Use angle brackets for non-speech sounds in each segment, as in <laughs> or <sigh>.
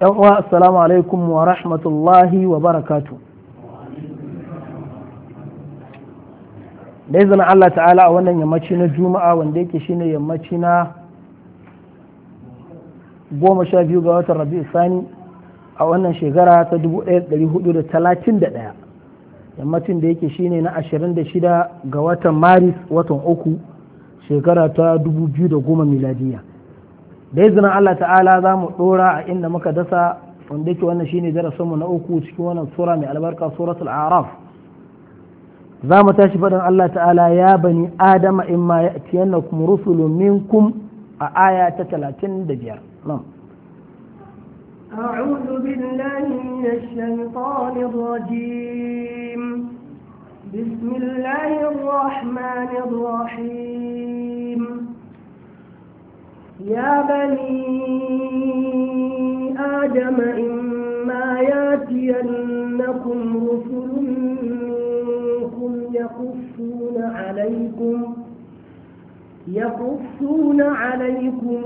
yan uwa assalamu alaikum wa rahmatullahi wa barakatu da izinin Allah ta'ala a wannan yammaci na juma'a wanda yake shine yammaci na goma sha biyu ga watan rabi'u sani a wannan shekara ta 1431 yammacin da yake shine na da shida ga watan maris watan uku shekara ta goma miladiya da izinin Allah ta'ala za mu dora a inda muka dasa wanda yake wannan shine darasinmu na uku cikin wannan sura mai albarka suratul araf za mu tashi faɗin Allah ta'ala ya bani adama in ma ya'tiyannakum rusulun minkum a aya ta 35 nan أعوذ بالله من بسم الله الرحمن الرحيم يا بني آدم إما ياتينكم رسل منكم يقصون عليكم يقصون عليكم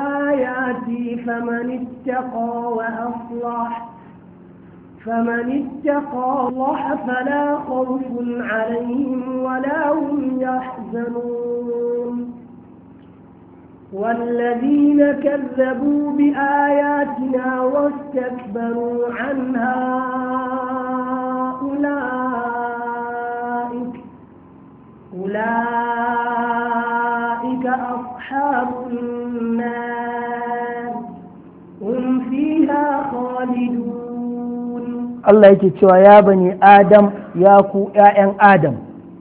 آياتي فمن اتقى وأصلح فمن اتقى الله فلا خوف عليهم ولا هم يحزنون والذين كذبوا بآياتنا واستكبروا عنها أولئك أولئك أصحاب النار هم فيها خالدون Allah yake cewa ya bani adam ya ku ‘ya'yan adam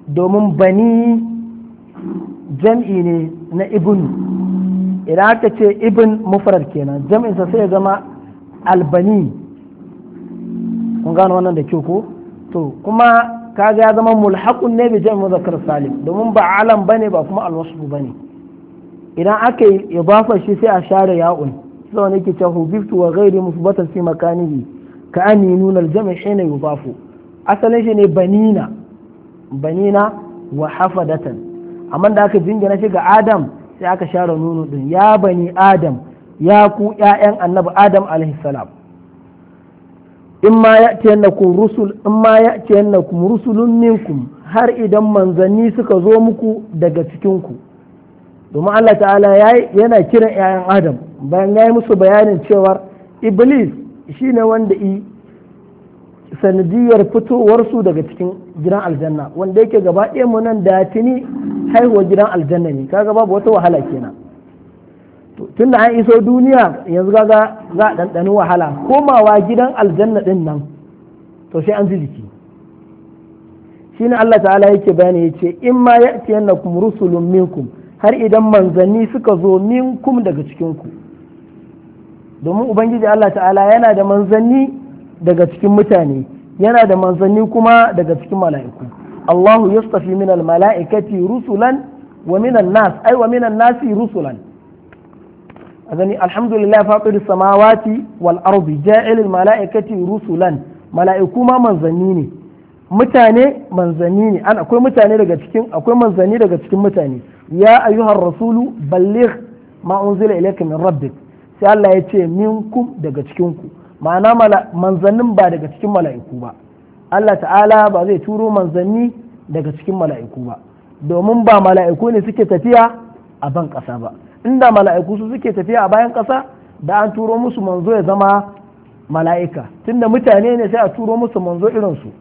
domin bani jam'i ne na ibn idan aka ce ibn mufrad kenan sa sai ya zama albani kun gano wannan da ko to kuma kaga ya zama mulhaqun ne bi jam'i muzakkar salim domin ba alam bane ba kuma ba bane idan aka yi ya shi sai a share ya'un sai wani ke cewa hubiftu wa ghairi musbatan fi makanihi ka aminuna aljama shi ne yubafu asalin shi ne banina banina wa hafadatan amma da aka jingina shi ga adam sai aka share nunu din ya bani adam ya ku ƴaƴan annabi adam alaihi salam in ma ya'tiyannakum rusul in ma ya'tiyannakum rusulun minkum har idan manzanni suka zo muku daga cikin ku domin Allah ta'ala yana kiran 'ya'yan adam bayan ya yi musu bayanin cewar iblis shine wanda i sanadiyar fitowarsu daga cikin gidan aljanna wanda yake gaba ɗaya mu nan da tuni haihuwa gidan aljanna ne kaga babu wata wahala kenan tun da an iso duniya yanzu kaga za a ɗanɗani wahala komawa gidan aljanna ɗin nan to sai an ji jiki shi ne Allah ta'ala yake bayani ya ce in ma ya rusulun minkum har idan manzanni suka zo minkum daga cikinku domin ubangiji Allah ta'ala yana da manzanni daga cikin mutane yana da manzanni kuma daga cikin mala'iku Allahu yastafi min al-mala'ikati rusulan wa min an-nas ay wa min an-nasi rusulan azani alhamdulillah fatir samawati wal ardi ja'il al-mala'ikati rusulan mala'iku ma manzanni ne mutane manzanni ne an akwai mutane daga cikin akwai manzanni daga cikin mutane ya ayyuhar rasulu balligh ma unzila ilayka min rabbik sai Allah ya ce minkum daga cikinku ma'ana manzannin ba daga cikin mala'iku ba Allah ta'ala ba zai turo manzanni daga cikin mala'iku ba domin ba mala'iku ne suke tafiya a ban ƙasa ba inda mala'iku su suke tafiya a bayan ƙasa da an turo musu manzo ya zama mala'ika tunda mutane ne sai a turo musu manzo irin su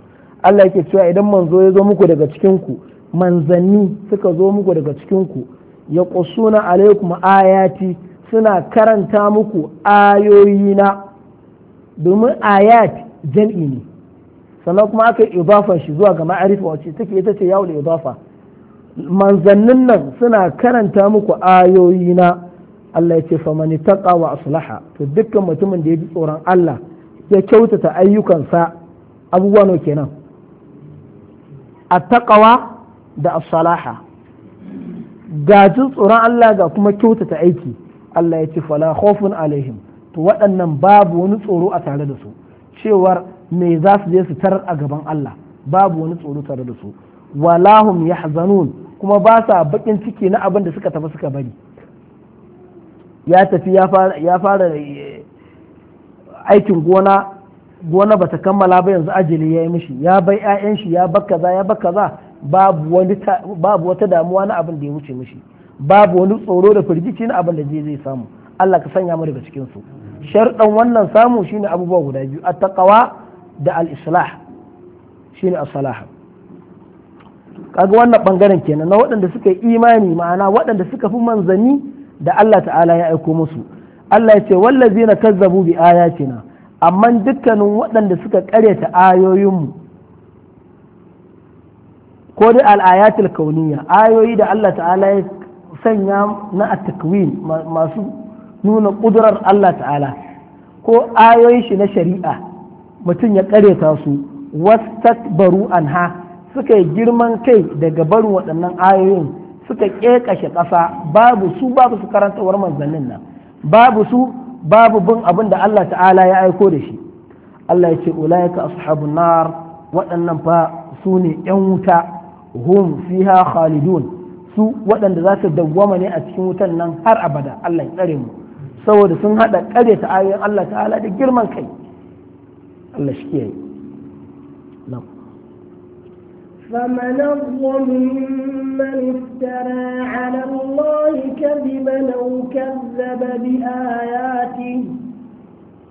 Allah yake cewa idan manzo ya zo muku daga cikinku manzanni suka zo muku daga cikinku ya ƙusuna alaikum ayati suna karanta muku ayoyina domin ayat jam'i ne sannan kuma aka ibafa shi zuwa ga ma'arifa wace take ita ce yawon ibafa manzannin nan suna karanta muku ayoyina Allah ya ce famani taqa wa aslaha to dukkan mutumin da ya ji tsoron Allah ya kyautata ayyukansa abubuwa kenan a taqawa da as-salaha ga tsoron Allah ga kuma kyautata aiki Allah ya ce fala khawfun alaihim to waɗannan babu wani tsoro a tare da su cewar me za su je su tarar a gaban Allah babu wani tsoro tare da su walahum yahzanun kuma ba sa bakin ciki na abin da suka tafi suka bari ya tafi ya fara eh, aikin gona gona bata kammala ba yanzu ajali ya yi mishi ya bai 'ya'yan shi ya za ya za babu wata damuwa na abin da ya wuce mishi babu wani tsoro da firgici na abin da je zai samu Allah ka sanya mu daga cikin su sharɗan wannan samu shine abubuwa guda biyu at-taqwa da al-islah shine as-salah kaga wannan bangaren kenan na waɗanda suka yi imani ma'ana waɗanda suka fi manzanni da Allah ta'ala ya aiko musu Allah ya ce wallazina kazzabu bi ayatina amma dukkanin waɗanda suka ƙaryata ayoyinmu ko dai al-ayatul kauniyya ayoyi da Allah ta'ala ya sanya na a atakwin masu nuna ƙudurar Allah ta'ala ko ayoyin shi na shari'a mutum ya ƙareta su wastakbaru anha suka yi girman kai daga barin waɗannan ayoyin suka ƙeƙashe ƙasa babu su babu su karantawar manzannin nan babu su babu bin abin da Allah ta'ala ya aiko da shi Allah ya ce ulaika ashabun nar waɗannan fa su ne 'yan wuta hum fiha khalidun su waɗanda za su dawwama ne a cikin wutan nan har abada Allah ya tsare mu saboda sun haɗa ƙare ta ayoyin Allah ta'ala da girman kai Allah shi kiyaye nan فمن أظلم ممن افترى على الله كذبا أو كذب بآياته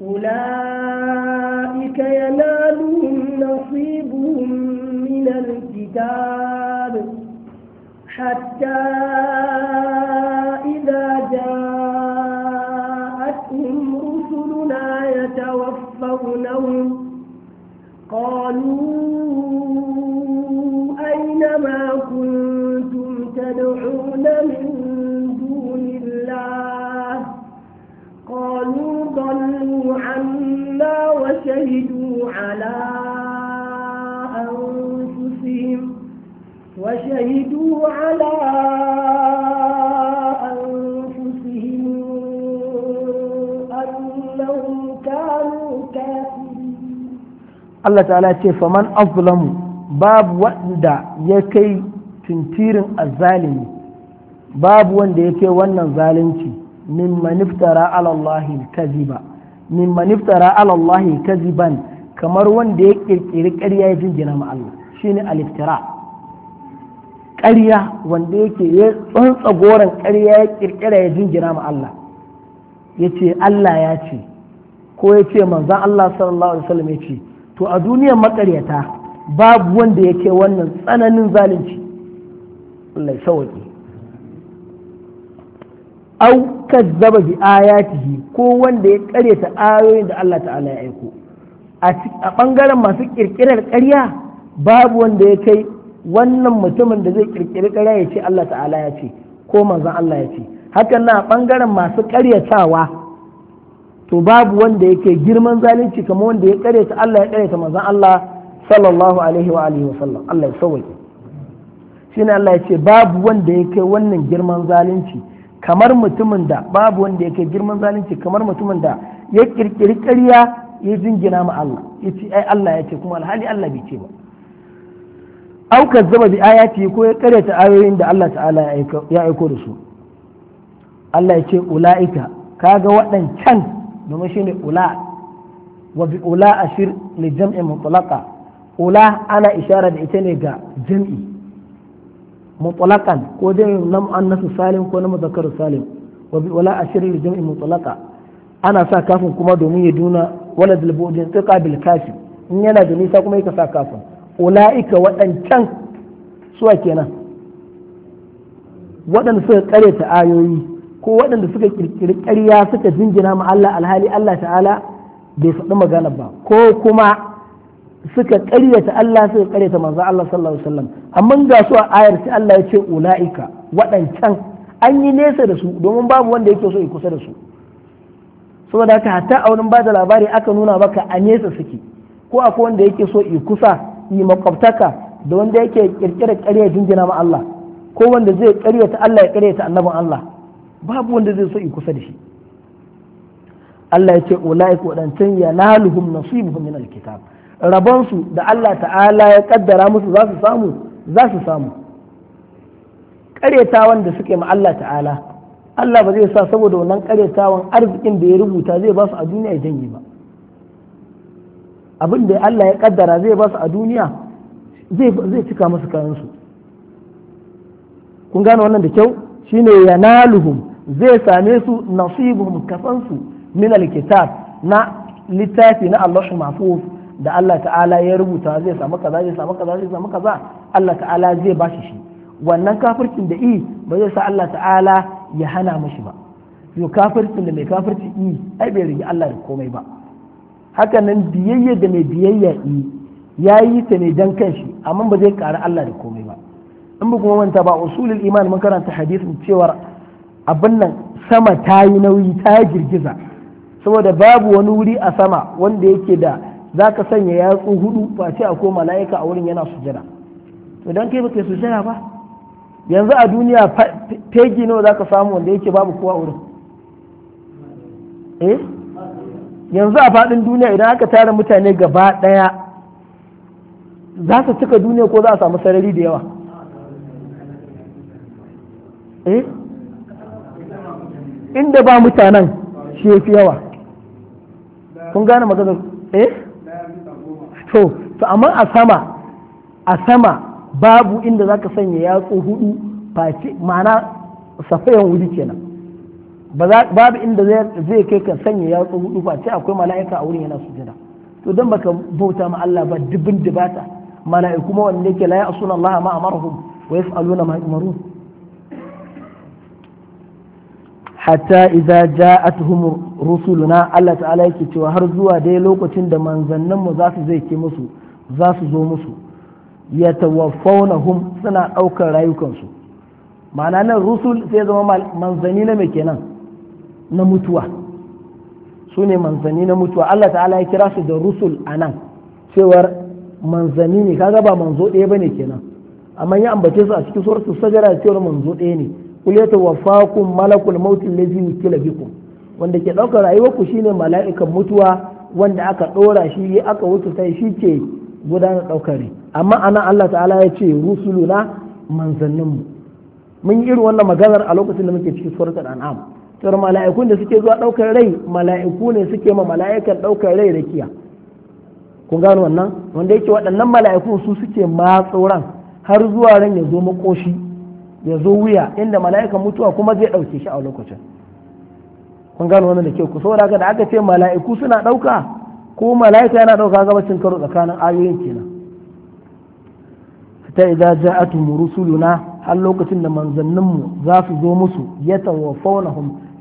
أولئك ينالهم نصيبهم من الكتاب حتى إذا جاءتهم رسلنا يتوفونهم قالوا أين ما كنتم تدعون من دون الله قالوا ضلوا عنا وشهدوا على وشهدوا على أنفسهم أنهم كانوا كافرين الله تعالى فمن أظلم باب وأندى يكي تنتير الظالم باب وأندى يكي وأن الظالمتي ممن افترى على الله الكذب ممن افترى على الله كذبا kamar wanda ya kirkiri ƙarya ya jingina ma Allah shine al-iftira ƙarya wanda yake ya tsantsa goron ƙarya ya ƙirƙira ya jingina ma Allah ya ce Allah ya ce ko ya ce manzan Allah sallallahu alaihi wasallam ya ce to a duniyar maƙaryata babu wanda yake wannan tsananin zalunci Allah ya sauke au kazzaba bi ayatihi ko wanda ya ƙaryata ayoyin da Allah ta'ala ya aiko a bangaren masu ƙirƙirar ƙarya babu wanda ya kai wannan mutumin da zai kirkiri ƙarya ya ce Allah ta'ala ya ce ko manzon Allah ya ce hakan na bangaren masu ƙaryatawa to babu wanda yake girman zalunci kamar wanda ya ƙaryata Allah ya ƙaryata manzon Allah sallallahu alaihi wa alihi wa sallam Allah ya sauke shine Allah ya ce babu wanda ya kai wannan girman zalunci kamar mutumin da babu wanda ya kai girman zalunci kamar mutumin da ya kirkiri ƙarya ya jingina ma Allah ya ce ai Allah ya ce kuma alhali Allah bai ce ba aukar zama bi ayati ko ya karyata ayoyin da Allah ta'ala ya aiko da su Allah ya ce ula'ika kaga waɗancan domin shi ula wa bi ula ashir li jam'in mutlaqa ula ana ishara da ita ne ga jam'i mutlaqan ko jam'in na annasu salim ko na zakaru salim wa bi ula ashir li jam'i mutlaqa ana sa kafin kuma domin ya duna waladul budin taqa bil kafi in yana da nisa kuma yake sa kafin ula'ika waɗancan suwa kenan waɗanda suka ƙare ta ayoyi ko waɗanda suka ƙirƙiri ƙarya suka jingina ma Allah alhali Allah ta'ala bai faɗi magana ba ko kuma suka ta Allah suka ta manzo Allah sallallahu alaihi wasallam amma ga su a ayar sai Allah ya ce ula'ika waɗancan an yi nesa da su domin babu wanda yake so ya kusa da su saboda haka hatta a wurin ba da labari aka nuna maka a nesa suke ko akwai wanda yake so ya kusa yi makwabtaka da wanda yake kirkirar ƙarya jingina ma Allah ko wanda zai ta Allah ya ta annabin Allah babu wanda zai so yi kusa da shi Allah ya ce ulaika wadancan laluhum nasibuhum min alkitab rabon su da Allah ta'ala ya kaddara musu za su samu za su samu ƙaryatawan da suke ma Allah ta'ala Allah ba zai sa saboda wannan ƙaryatawan arzikin da ya rubuta zai ba su a duniya ya janye ba abin da Allah ya kaddara zai ba su a duniya zai cika masu kayansu kun gane wannan da kyau shine yanaluhum zai same su nasibuhum kafansu min alkitab na littafi na Allah mahfuz da Allah ta'ala ya rubuta zai samu kaza zai samu kaza zai samu kaza Allah ta'ala zai ba shi wannan kafircin da i ba zai sa Allah ta'ala ya hana mashi ba yo kafircin da mai kafirci i ai bai rigi Allah da komai ba hakanan nan biyayya da mai biyayya yi ya yi ta ne dan kanshi amma ba zai ƙara Allah da komai ba in ba kuma manta ba usulul iman mun karanta hadisin cewar abin nan sama ta yi nauyi ta yi girgiza saboda babu wani wuri a sama wanda yake da za ka sanya yatsu hudu ba ce a koma mala'ika a wurin yana sujada to dan kai ba baka sujada ba yanzu a duniya fegi nawa za ka samu wanda yake babu kowa wurin eh yanzu a faɗin duniya idan aka tara mutane gaba ɗaya za su cika duniya ko za a samu sarari da yawa eh inda ba mutanen shi ya fi yawa kun gane maganar eh to to amma a sama a sama babu inda za ka sanya yatsu hudu face ma'ana safayan wuri kenan babu inda zai kai ka sanya yatsu hudu ba ce akwai mala'ika a wurin yana sujada to dan baka bauta ma Allah ba dubin dubata mala'iku ma wanda yake la ya'suna Allah ma amarhum wa yaf'aluna ma yumarun hatta idza ja'atuhum rusuluna Allah ta'ala yake cewa har zuwa dai lokacin da manzannin mu za su zai ke musu za su zo musu yatawaffawnahum suna daukar rayukansu ma'ana nan rusul sai zama manzani na mai kenan na mutuwa su ne manzanni na mutuwa Allah ta'ala ya kira su da rusul a nan cewar manzanni ne kaga ba manzo ɗaya ba ne kenan amma ya ambace su a cikin suratul sajara cewar manzo ɗaya ne kul ya tawaffakum malakul maut allazi wukila bikum wanda ke ɗaukar rayuwarku ku shine mala'ikan mutuwa wanda aka ɗora shi aka ta shi ke gudanar ɗaukar amma ana Allah ta'ala ya ce rusuluna manzanninmu mun yi irin wannan maganar a lokacin da muke cikin suratul an'am tsar mala'ikun da suke zuwa ɗaukar rai mala'iku ne suke ma mala'ikan ɗaukar rai rakiya kun gano wannan wanda yake waɗannan mala'ikun su suke matso har zuwa ran ya zo makoshi ya zo wuya inda mala'ikan mutuwa kuma zai ɗauke shi a lokacin kun gano wannan da ke ku saboda haka da aka ce mala'iku suna ɗauka ko mala'ika yana ɗauka gabacin karo tsakanin ayoyin kenan ta idza ja'atu rusuluna har lokacin da manzanninmu za su zo musu ya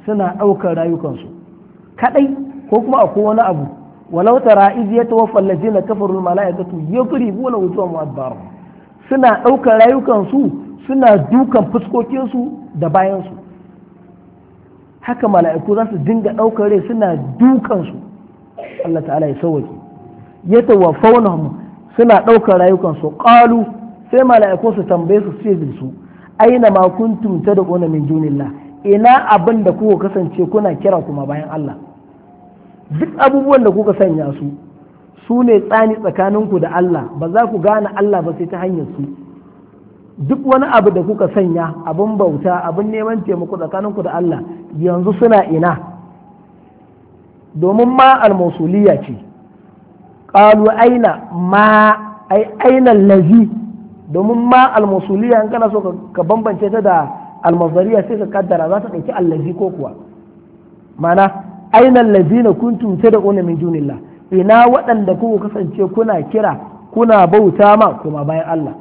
suna ɗaukar rayukansu kaɗai ko kuma ko wani abu walau tara iz yatawaffa allazina kafaru al malaikatu yadribuna wujuhahum adbar suna ɗaukar rayukansu suna dukan fuskokinsu da bayansu haka mala'iku za su dinga ɗaukar rai suna dukansu Allah ta'ala ya sauwaki ya suna ɗaukar rayukansu qalu sai mala'iku su tambaye su ce su aina ma kuntum tad'una min dunillah ina abin da kuka kasance kuna kira kuma bayan Allah duk abubuwan da kuka sanya su su ne tsani tsakaninku da Allah ba za ku gane Allah ba sai ta hanyar su duk wani abu da kuka sanya abin bauta abin neman taimako tsakaninku da Allah yanzu suna ina domin ma almasuliya ce ƙalu aina ma ai aina lazi domin ma almasuliya in kana so ka bambance ta da almazariya sai ka kaddara za ta ɗauki allazi ko kuwa mana aina allazina kuntum tad'una min dunillah ina waɗanda kuka kasance kuna kira kuna bauta ma kuma bayan Allah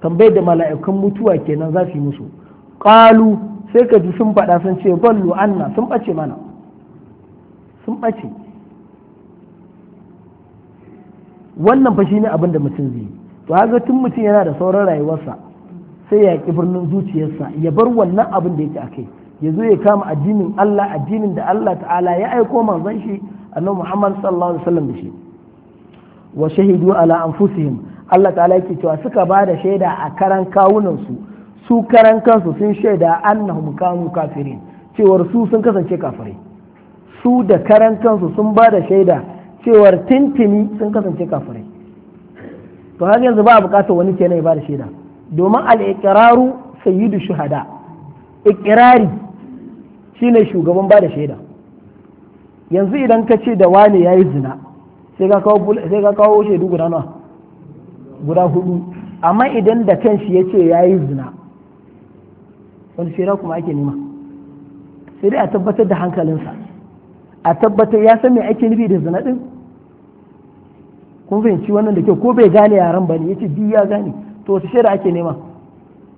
tambayar da mala'ikun mutuwa kenan za su yi musu qalu sai ka ji sun faɗa sun ce ballu anna sun ɓace mana sun ɓace wannan fa shine abin da mutum zai yi to haka tun mutum yana da sauran rayuwarsa sai ya ƙi birnin zuciyarsa ya bar wannan abin da yake a kai ya zo ya kama addinin Allah addinin da Allah ta'ala ya aiko manzon shi annabi Muhammad sallallahu alaihi wasallam da shi wa shahidu ala anfusihim Allah ta'ala yake cewa suka ba da shaida a karan kawunan su su karan kansu sun shaida annahum kanu kafirin cewar su sun kasance kafirai su da karan kansu sun ba da shaida cewar tintini sun kasance kafirai to har yanzu ba a bukatar wani kenan ya ba da shaida domin al'ikiraru sayyidu shuhada shi shine shugaban ba da shaida yanzu idan ka ce da wani yi zina sai ka kawo sai ka kawo shaidu guda nawa guda hudu amma idan da kanshi yace yi zina wani shaida kuma ake nema sai dai a tabbatar da hankalinsa a tabbatar ya san me ake nufi da zina din kun fahimci wannan da ke ko bai gane yaran ba ne ya ce duk ya gane to wasu shaida ake nema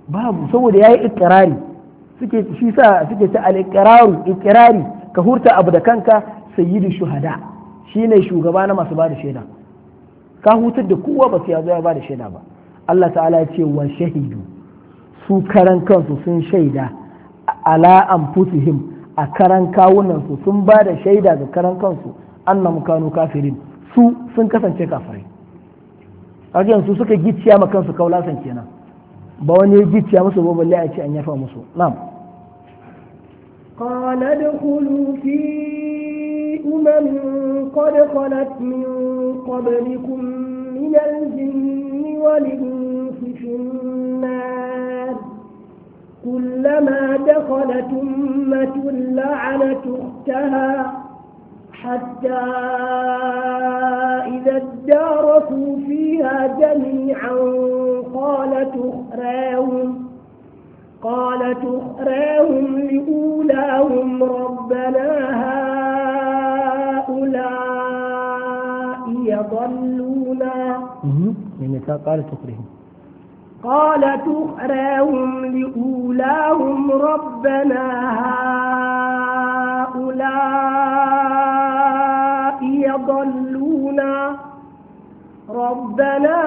babu saboda ya yi ikirari suke shi sa suke ta alikirari ikirari ka hurta abu da kanka sayyidu shuhada shi ne shugaba na masu ba da shaida ka hutar da kowa ba su ya zo ya shaida ba Allah ta'ala ya ce wa shahidu su karan kansu sun shaida ala anfusihim a karan kawunan su sun ba da shaida ga karan kansu annam kanu kafirin su sun kasance kafirai kaga yanzu suka gicciya ma kansu kaulasan kenan ba wani ya gicciya musu ba balle a ce an yafa musu na'am قال ادخلوا في أمم قد خلت من قبلكم من الجن والإنس في النار كلما دخلت أمة لعنت أختها حتى إذا اداركوا فيها جميعا قالت أخراهم قالت أخراهم لأولاهم ربنا هؤلاء يضلونا يعني قال قالت أخراهم قال تخراهم لأولاهم ربنا هؤلاء يضلونا ربنا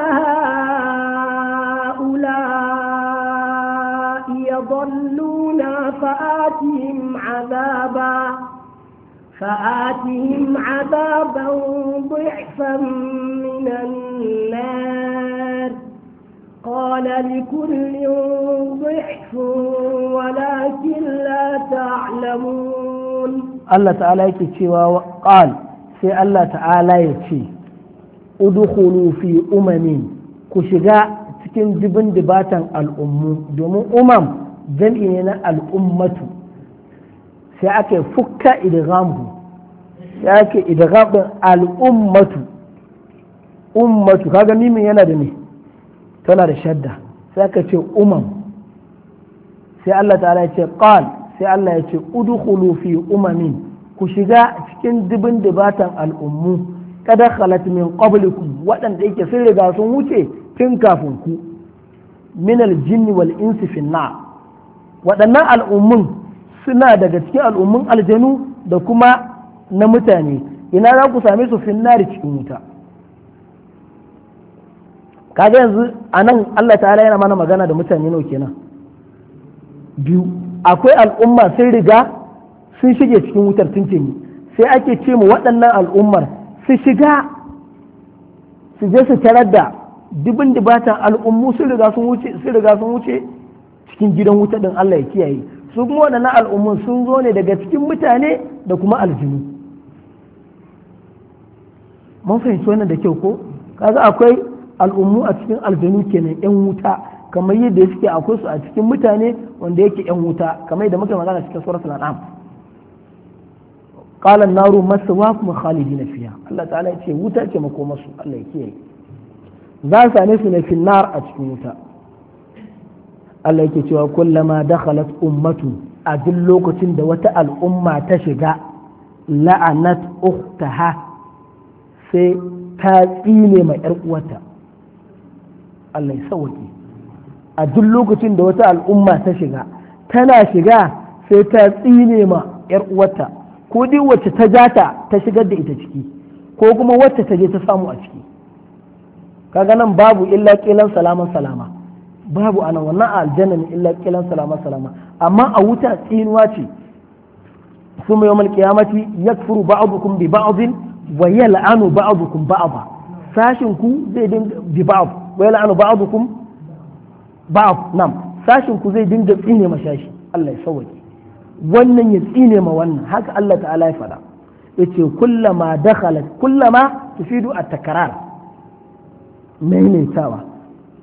هؤلاء يضلونا فآتهم عذابا فآتهم عذابا ضعفا من النار قال لكل ضحف ولكن لا تعلمون الله تعالى يكي وقال سي الله تعالى يكي ادخلوا في أمم كشغاء cikin jibin dibatan al'ummu domin umam jam'i ne na al'ummatu sai ake fukka idghamhu sai ake idghamin al'ummatu ummatu kaga mimin yana da ne tana da shadda sai aka ce umam sai Allah ta'ala ya ce qal sai Allah ya ce udkhulu fi umamin ku shiga cikin dubin dubatan al'ummu kada khalat min qablikum waɗanda yake sun riga sun wuce tun kafin ku min al-jinni wal insi fi waɗannan al'ummun suna daga cikin al'ummun aljanu da kuma na mutane ina za ku same su nar cikin wuta kaga yanzu a nan Allah ta'ala yana mana magana da mutane nawa kenan biyu akwai al'umma sun riga sun shige cikin wutar tuntuni sai ake ce mu waɗannan al'ummar su shiga su je su tarar da dubin dubatan al'ummu sun riga sun wuce sun riga sun wuce cikin gidan wuta din Allah ya kiyaye su kuma waɗannan al'ummun sun zo ne daga cikin mutane da kuma aljinu mun fahimci wannan da kyau ko kaga akwai al'ummu a cikin aljanu kenan yan wuta kamar yadda suke akwai su a cikin mutane wanda yake yan wuta kamar yadda muka magana cikin suratul an'am qala an-naru maswaakum khalidina fiha Allah ta'ala ya ce wuta ce makomarsu Allah ya kiyaye za su same su ne a cikin wuta Allah yake cewa kullama dakhalat ummatu a duk lokacin da wata al'umma ta shiga la'anat ukhtaha sai ta tsine ma yar Allah ya sauke a duk lokacin da wata al'umma ta shiga tana shiga sai ta tsine ma yar uwarta ko duk wacce ta jata ta shigar da ita ciki ko kuma wacce ta je ta samu a ciki kaga nan babu illa kilan salaman salama babu anan wannan aljanna ne illa kilan salaman salama amma a wuta tsinuwa ce ثم يوم القيامة يكفر بعضكم ببعض ويلعن بعضكم بعضا ساشنكو زي ببعض wa yal'anu ba'dukum ba'd nam sashin ku zai dinga tsine ma shashi Allah ya sauke wannan ya tsine ma wannan haka Allah ta'ala ya faɗa yace kullama dakhalat kullama tufidu at-takrar maimaitawa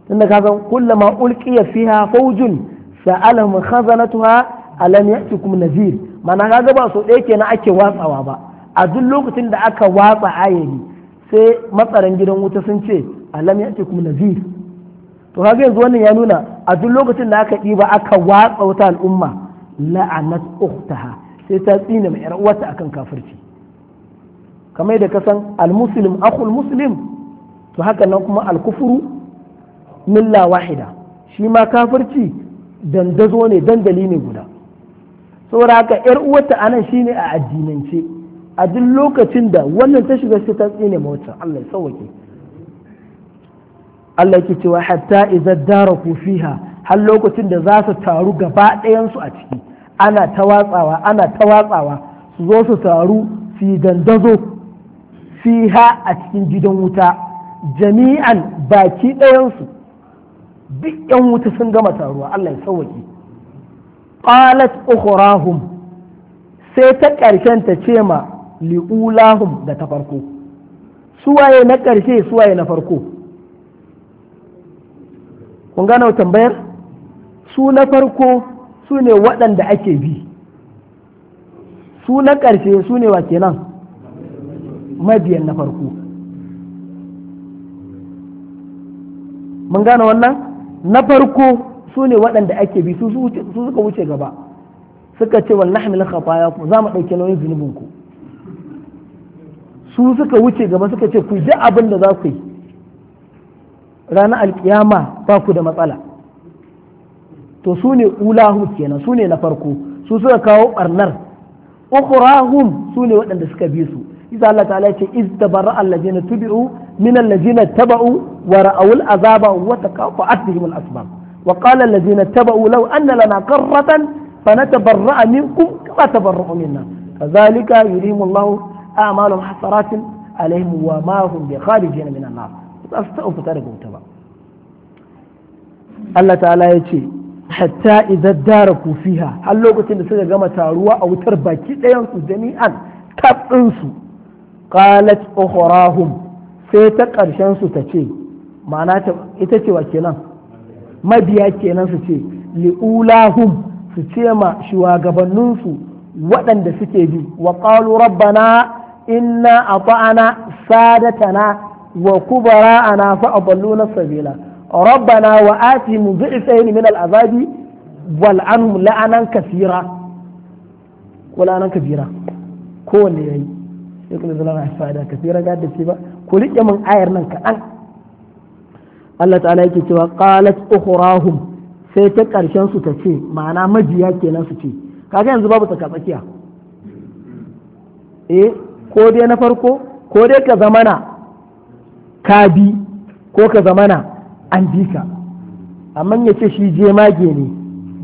tunda ka san kullama ulqiya fiha fawjun sa'alahum khazanatuha alam ya'tikum nadhir mana kaga ba su ɗaya kenan ake watsawa ba a duk lokacin da aka watsa ayari sai matsaran gidan wuta sun ce alam ya ce kuma nazir to kaga yanzu wannan ya nuna a duk lokacin da aka ɗiba aka watsa wata al'umma la'anat ukhtaha sai ta tsina mai yar uwarta akan kafirci kamar da kasan al-muslim akhul muslim to haka nan kuma al-kufru milla wahida shi ma kafirci dandazo ne dandali ne guda saboda haka yar uwarta anan shine a addinance a duk lokacin da wannan ta shiga sai ta tsine mawacin Allah ya sauwake Allah yake cewa hatta idza daraku fiha har lokacin da za su taru gaba ɗayansu a ciki ana ta watsawa ana ta watsawa su zo su taru fi dandazo fiha a cikin gidan wuta jami'an baki ɗayan su duk yan wuta sun gama taruwa Allah ya sauwaki qalat ukhrahum sai ta ƙarshen ta ce ma li'ulahum da ta farko suwaye na ƙarshe suwaye na farko kun gane tambayar su na farko su ne waɗanda ake bi su na ƙarshe su ne wa kenan mabiyan na farko mun gane wannan na farko su ne waɗanda ake bi su suka wuce gaba suka ce wal nahmil khataya ku za mu ɗauki nauyin zunubinku su suka wuce gaba suka ce ku ji abin da za ku yi ranar alkiyama ba ku da matsala to su ne ulahum kenan su ne na farko su suka kawo barnar ukhrahum su ne waɗanda suka bi su idan Allah ta'ala ce iz tabarra allazina tubi'u min allazina taba'u wa ra'awul azaba wa taqaffa'at bihim al-asbab wa qala allazina taba'u law anna lana qarratan fanatabarra'a minkum kama tabarra'u minna kadhalika yurimu Allahu a'malahum hasaratin alaihim wa ma hum bi kharijin min an-nar ba su ta'ala ya ce hatta idan dara fiha har lokacin da suka gama taruwa a wutar baki ɗayansu jami'an su. qalat ukhrahum sai ta ƙarshen su ta ce ma'ana ita ce wa kenan mabiya kenan su ce li'ulahum su ce ma shugabanninsu waɗanda suke bi wa qalu rabbana inna ata'ana sadatana wa kubara kubara'ana fa na sabila rabbana wa atihim dhi'fayn min al'azabi wal anhum la'anan kathira ko la'anan kabira ko wanne yayi sai kuma zalama ifada kathira ga da ba ko rike mun ayar nan kadan Allah ta'ala yake cewa qalat ukhrahum sai ta karshen su ta ce ma'ana majiya kenan su ce kaga yanzu babu tsaka tsakiya eh ko dai na farko ko dai ka zamana ka bi ko ka zamana an bi ka amma ya ce shi je mage ne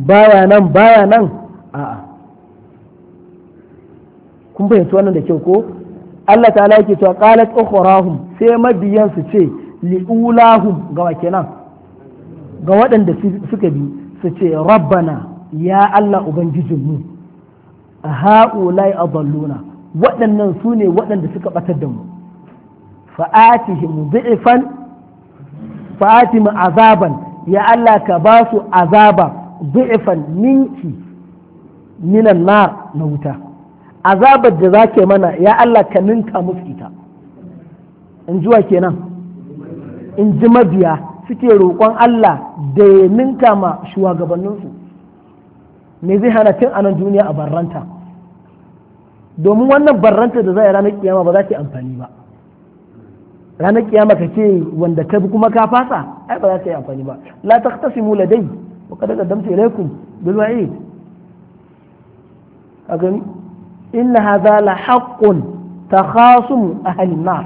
baya nan baya nan a'a kun fahimci wannan da kyau ko Allah ta'ala yake cewa qalat ukhrahum sai mabiyan su ce li'ulahum ga wa nan ga waɗanda suka bi su ce rabbana ya Allah ubangijin a ha'ulai adalluna waɗannan su ne waɗanda suka ɓatar da mu fa'atihim bi'fan fa'atihim azaban ya Allah ka ba su azaba bi'fan ninki minan na wuta azabar da zake mana ya Allah ka ninka musu in jiwa kenan in ji mabiya suke roƙon Allah da ya ninka ma shugabanninsu me zai hana tun anan duniya a barranta domin wannan barranta da zai ranar kiyama ba za ta amfani ba ranar kiyama ka ce wanda ka bi kuma ka fasa ai ba za ka yi amfani ba la taqtasimu ladai wa qad qaddamtu ilaykum bil wa'id kagan inna hadha la haqqun takhasum ahli nar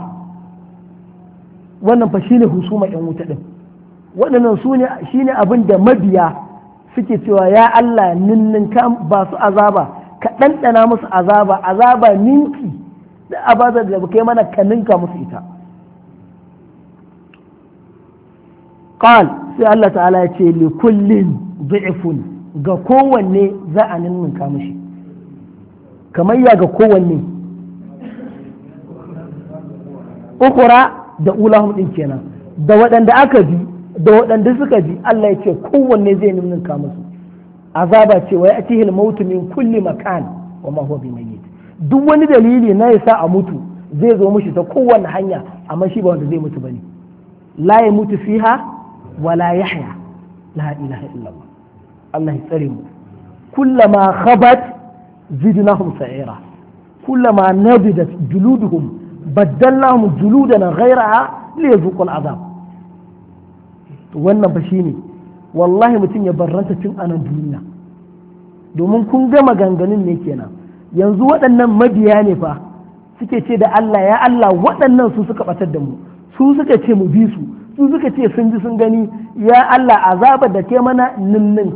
wannan fa shine husuma yan wuta din waɗannan su ne shine abin da mabiya suke cewa ya Allah ninnin ka ba su azaba ka ɗanɗana musu azaba azaba minti da abaza da kai mana ka ninka musu ita قال sai Allah ta'ala ya ce ضعف kullin ga kowanne za a ninninka mishi kamar ya ga kowanne ukura da ulahum din kenan da waɗanda aka bi da waɗanda suka bi Allah ya ce kowanne zai ninninka musu azaba ce wa atihil mautu min kulli makan wa ma huwa bimayyit duk wani dalili na yasa a mutu zai zo mishi ta kowanne hanya amma shi ba wanda zai mutu bane la ya mutu fiha wala yahya la ilaha illallah Allah ya tsare mu kullama khabat zidnahum sa'ira kullama nabidat juluduhum baddalnahum juludan ghayraha liyazuqul azab wannan ba shine wallahi mutum ya barranta tun anan duniya domin kun ga maganganun ne kenan yanzu waɗannan mabiya ne fa suke ce da Allah ya Allah waɗannan su suka batar da mu su suka ce mu bi su su suka ce sun ji sun gani ya Allah azaba da ke mana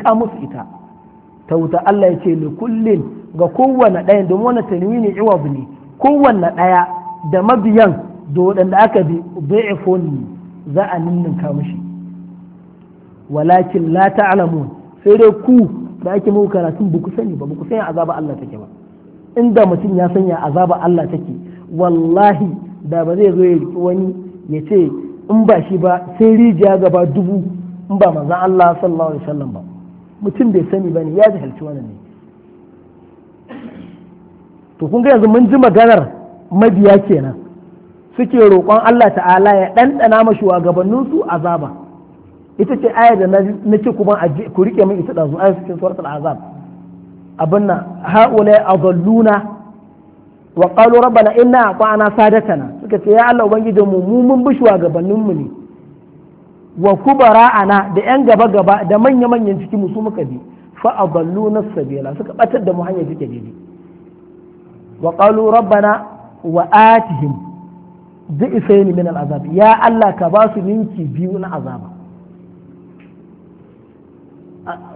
ka musu ita ta wuta Allah ya ce ni kullin ga kowanne ɗaya domin wannan iwa bu ne kowane ɗaya da mabiyan da waɗanda aka bi bai bi'ifun za a ka mushi walakin la ta'lamun sai dai ku da ake muku karatun ba ku sani ba ba ku sani azaba Allah take ba inda mutum ya sanya azaba Allah take wallahi da ba zai zo ya wani ya ce in ba shi ba sai rijiya gaba dubu in ba manzan Allah sallallahu alaihi wasallam ba mutum bai sani ba ne ya jahilci wannan ne to kun ga yanzu mun ji maganar mabiya kenan suke roƙon Allah ta'ala ya ɗanɗana mashi gabanin su azaba ita ce aya da na ce kuma ku rike min ita ɗazu aya cikin suratul azab abin nan ha'ula adalluna wa qalu rabbana inna ata'na sadatana suka ce ya Allah ubangijin mu mu mun bi shugabannin mu ne wa kubara ana da yan gaba gaba da manya manyan cikin mu su muka bi fa adallu nasabila suka batar da mu hanyar suke daidai wa qalu rabbana wa atihim bi'saini min al'azab ya Allah ka ba su ninki biyu na azaba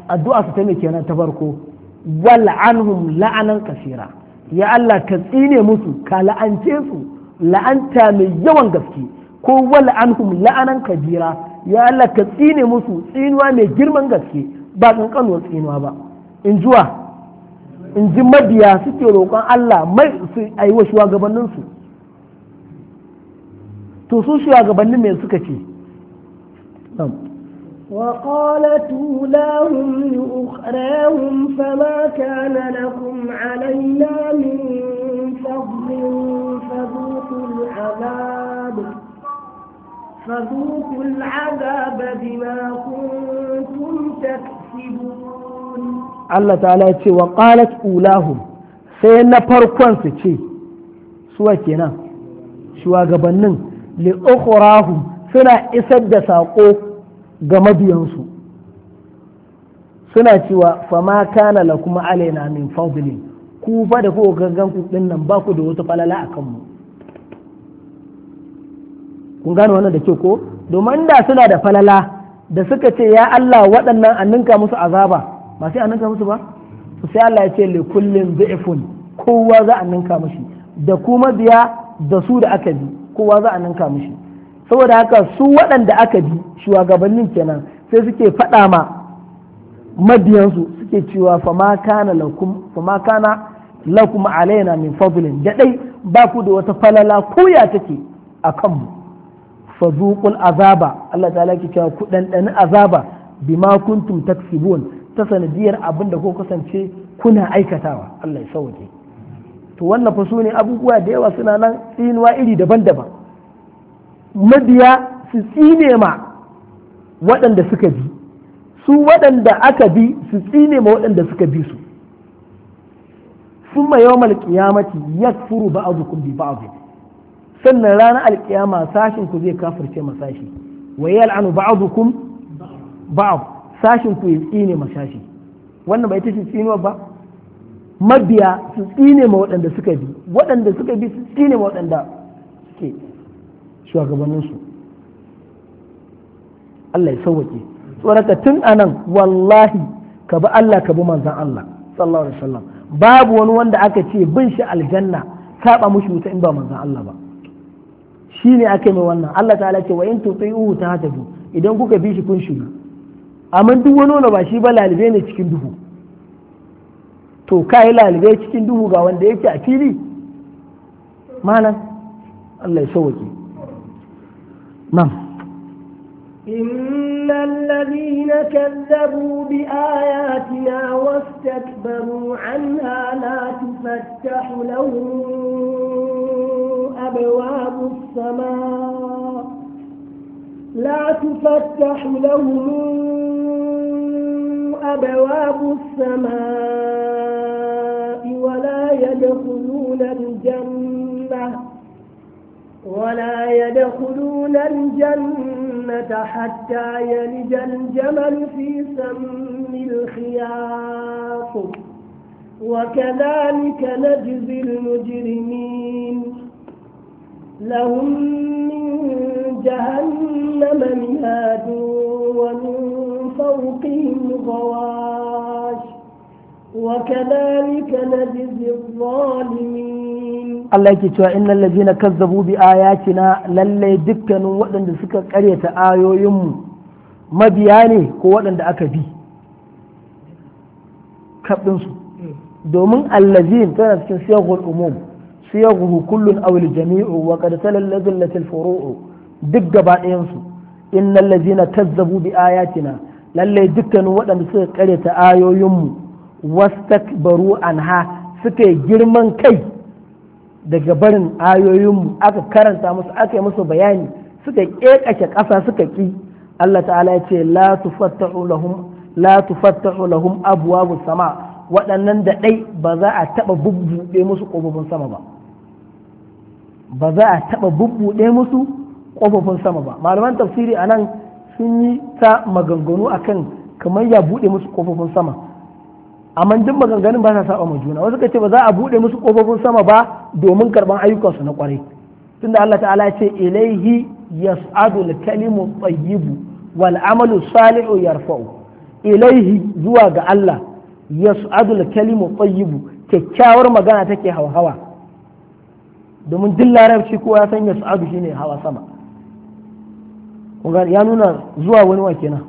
addu'a su ta me kenan ta farko wal anhum la'anan kasira ya Allah ka tsine musu ka la'ance su la'anta mai yawan gaske ko wala anhum la'anan kabira ya Allah ka tsine musu tsinuwa mai girman gaske ba kankanuwar tsinuwa ba in juwa in ji mabiya suke roƙon Allah mai su aiwa shugabannin su to su shugabannin mai suka ce وقالت أولاهم لأخراهم فما كان لكم علينا من فضل فذوقوا العذاب فذوقوا العذاب بما كنتم تكسبون الله تعالى يقول وقالت أولاهم سينا فرقان سيتي سوى كنا شوى غبنن لأخراهم سنا إسد ساقو غمبيانسو suna cewa fama kana la kuma alaina min fadlin ku fa da ku gangan ku din nan ba ku da wata falala akan mu kun gane wannan da ke ko domin da suna da falala da suka ce ya Allah waɗannan an ninka musu azaba ba sai an ninka musu ba sai Allah ya ce li kullin bi'fun kowa za a ninka mushi da kuma biya da su da aka bi kowa za a ninka mushi saboda haka su waɗanda aka bi shugabannin kenan sai suke faɗa ma mabiyansu suke cewa fama kana lakum fama kana lakum alaina min fadlin da dai ba ku da wata falala ko ya take a kanmu fadhuqul azaba Allah Ta laki cewa ku dandani azaba bima kuntum taksibun ta sanadiyar abin da ko kasance kuna aikatawa Allah ya sauke to wannan fa sune abubuwa da yawa suna nan tsinuwa iri daban-daban madiya su tsine ma waɗanda suka bi su waɗanda aka bi su tsine ma waɗanda suka bi su summa yawmal qiyamati yakfuru ba'dukum bi ba'd sannan ranar alkiyama sashin ku zai kafirce ma sashi wa yal'anu ba'dukum ba'd sashin ku ya tsine ma sashi wannan bai tashi tsinuwa ba mabiya su tsine ma waɗanda suka bi waɗanda suka bi su tsine ma waɗanda suke shugabanninsu Allah ya sauwake tsoraka tun anan wallahi ka bi Allah ka bi manzan Allah sallallahu alaihi wasallam babu wani wanda aka ce bin shi aljanna saba mushi wuta in ba manzan Allah ba shi ne aka yi wannan Allah ta ce wa in tuti'uhu tahtadu idan kuka bi shi kun shiga amma duk wani wanda ba shi ba lalibe ne cikin duhu to kai lalibe cikin duhu ga wanda yake a fili malam Allah ya sauke nam إن الذين كذبوا بآياتنا واستكبروا عنها لا تفتح لهم أبواب السماء لا تفتح لهم أبواب السماء ولا يدخلون الجنة ولا يدخلون الجنة حتى يلج الجمل في سم الخياط وكذلك نجزي المجرمين لهم من جهنم مهاد ومن فوقهم غواش وكذلك نجزي الظالمين Allah yake cewa na ladina kazzabu bi ayatina lalle dukkanin waɗanda suka karyata ayoyinmu mabiya ne ko waɗanda aka bi kaɗinsu domin allazin tana cikin siyahul umum siyaghu kullun aw al-jami'u wa qad talalla dhillatil furu'u duk gaba ɗayan su innal ladzina kazzabu bi ayatina lalle dukkanin waɗanda suka karyata ayoyinmu wastakbaru anha suka yi girman kai daga barin ayoyinmu aka karanta musu aka yi musu bayani suka kekashe ƙasa suka ki Allah ta'ala ya ce la tufattahu lahum la tufattahu lahum abwaabus sama waɗannan da dai ba za a taɓa bubbuɗe musu ƙofofin sama ba ba za a taɓa bubbuɗe musu ƙofofin sama ba malaman tafsiri a nan sun yi ta maganganu akan kamar ya buɗe musu ƙofofin sama amma duk maganganun ba sa saba ma juna wasu kace ba za a buɗe musu ƙofofin sama ba domin karɓan ayyukansu na ƙwarai tunda Allah ta'ala ce ilaihi yas'adu al-kalimu tayyibu wal amalu salihu yarfa'u ilaihi zuwa ga Allah yas'adu al-kalimu tayyibu kyakkyawar magana take hauhawa domin jin larabci kowa ya san shi shine hawa sama ya nuna zuwa wani wa kenan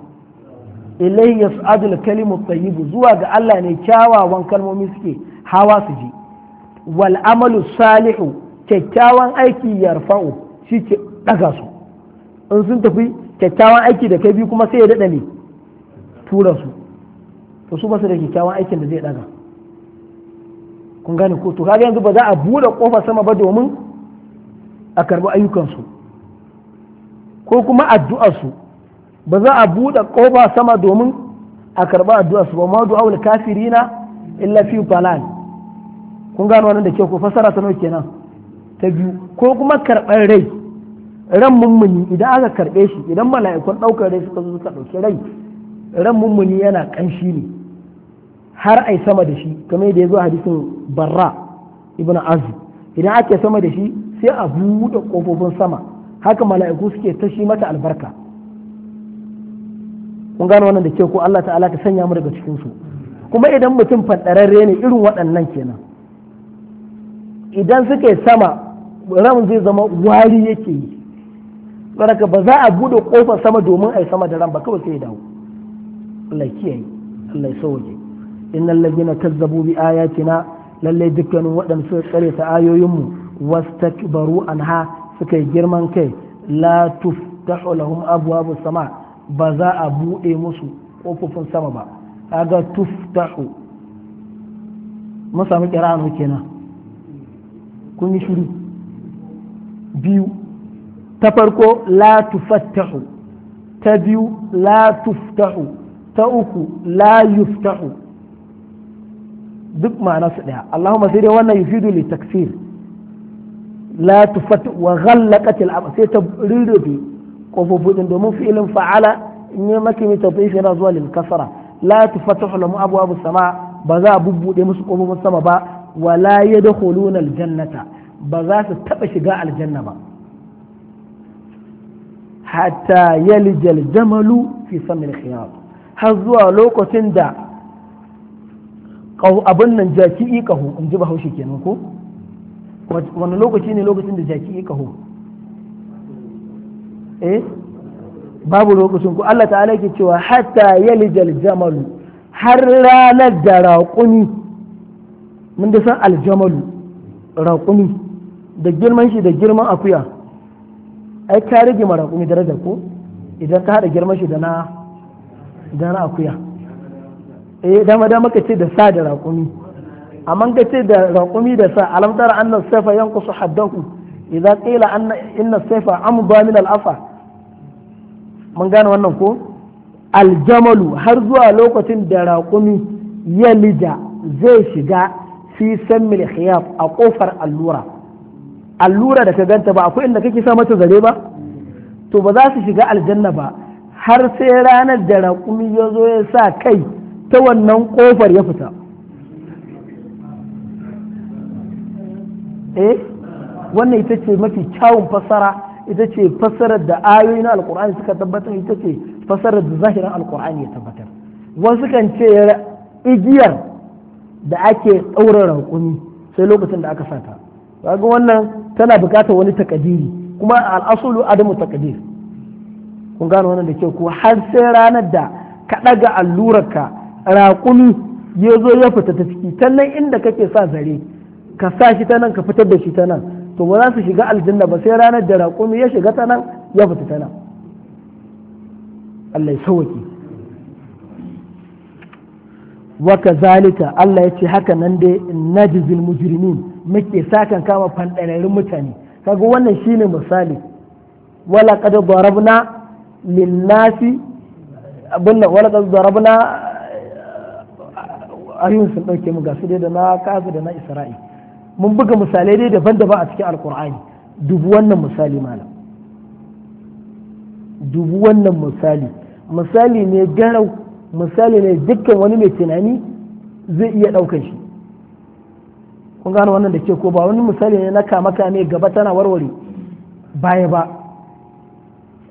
ilai yas'adu al-kalimu zuwa ga Allah ne kyawawan kalmomi suke hawa su ji wal salihu kyakkyawan aiki ya rufa'u shi ke ɗaga su in sun tafi kyakkyawan aiki da kai bi kuma sai ya daɗa ne tura su to su ba su da kyakkyawan aikin da zai ɗaga. kun gane ko to kaga yanzu ba za a bude kofa sama ba domin a karbi ayyukansu ko kuma addu'arsu ba za a bude kofa sama domin a karba addu'arsu ba ma du'a kafirina illa fi balal kun gane wannan da ke ko fasara ta nawa kenan ta biyu ko kuma karɓar rai ran mummuni idan aka karɓe shi idan mala'ikun ɗaukar rai suka zo suka ɗauki rai ran mummuni yana kanshi ne har ai sama da shi kamar yadda ya zo hadisin barra ibn azu idan ake sama da shi sai a buɗe ƙofofin sama haka mala'iku suke ta shi mata albarka kun gano wannan da ke ko Allah ta'ala Ta sanya mu daga cikin su kuma idan mutum fadararre ne irin waɗannan kenan idan suka yi sama ramin zai zama wari yake yi ka ba za a buɗe ƙofar sama domin a yi sama da ran ba kawai sai ya dawo Allah kiyaye Allah ya sauke innal ladina kazzabu bi ayatina lallai dukkanin waɗanda suka tsare ta ayoyinmu an ha suka yi girman kai la tuftahu lahum abu sama ba za a buɗe musu kofofin sama ba kaga tuftahu mun samu kira'anu kenan kun yi shiru biyu ta farko la tufattahu ta biyu la tuftahu ta uku la yuftahu duk ma'ana su daya Allahumma sai dai wannan yufidu li taksir la tufat wa ghallaqat al sai ta rirrufe kofofi domin fi'ilin fa'ala in yi maki mai tawfiq yana zuwa lil kasara la tufatahu lahum abwabu sama ba za a bubbude musu kofofin sama ba wala yadkhuluna al jannata ba za su taba shiga aljanna ba hatta yalijal jamalu fi samil khiyar har zuwa lokacin da kahu abin nan jaki i in ji bahaushe kenan ko wani lokaci ne lokacin da jaki i eh babu lokacin ku Allah ta'ala yake cewa hatta yalijal jamal har ranar da raƙuni mun da san aljamalu raƙuni da girman shi da girman akuya ai ka rage ma raƙuni daraja ko idan ka haɗa girman shi da da akuya eh dama dama ka ce da sa da raƙumi amma ka ce da raƙumi da sa alam tara anna sayfa yanqusu haddahu idza qila anna inna sayfa amda min al-afa mun gane wannan ko aljamalu har zuwa lokacin da raƙumi ya lija zai shiga fi sammil khiyaf a kofar allura allura da ka ganta ba akwai inda kake sa mata zare ba to ba za su shiga aljanna ba har sai ranar da raƙumi ya zo ya sa kai ta wannan kofar ya fita eh wannan ita ce mafi kyawun fasara. ita ce fassarar da ayoyi na alkur'ani suka tabbatar ita ce fassarar da zahirin alkur'ani ya tabbatar wasu kan ce igiyar da ake ɗaura rankumi sai lokacin da aka sata kaga wannan tana bukatar wani takadiri kuma al'asulu adamu takadir kun gano wannan da ke ko har sai ranar da ka ɗaga allurarka raƙumi ya zo ya fita ta ciki ta nan inda kake sa zare ka sa shi ta nan ka fitar da shi ta nan to ba za su shiga aljanna ba sai ranar da raƙumi ya shiga ta nan ya fita ta nan Allah ya sauke wa kazalika Allah ya ce haka nan dai najzil mujrimin muke sakan kama fandararin mutane kaga wannan shine misali wala qad darabna lin-nasi abunna wala qad darabna ayoyin sun ɗauke mu ga su dai da na kafi da na isra'i mun buga misalai dai daban-daban a cikin alkur'ani dubu wannan misali malam dubu wannan misali misali ne garau misali ne dukkan wani mai tunani zai iya ɗaukan shi kun gano wannan da ke ko ba wani misali ne na kama kame gaba tana warware baya ba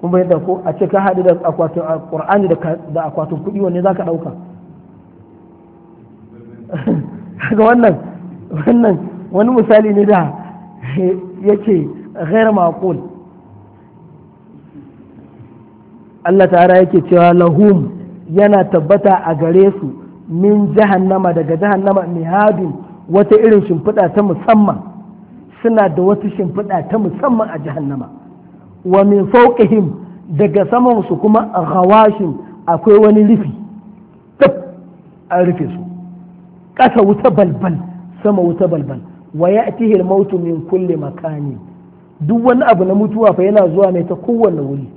kun bayyana ko a ce ka haɗu da akwatin alkur'ani da akwatin kuɗi wanne za ka ɗauka ga wannan wannan wani misali ne da yake ghair maqul Allah ta'ala yake cewa lahum yana tabbata a gare su min jahannama daga jahannama mihadun wata irin shimfiɗa ta musamman suna da wata shimfiɗa ta musamman a jahannama wa min fawqihim daga samansu kuma a hawashin akwai wani rufi a rufe su ƙasa wuta balbal sama wuta balbal wa ya tihir mautu min kulle makani duk wani abu na mutuwa fa yana zuwa ne ta kowane wuri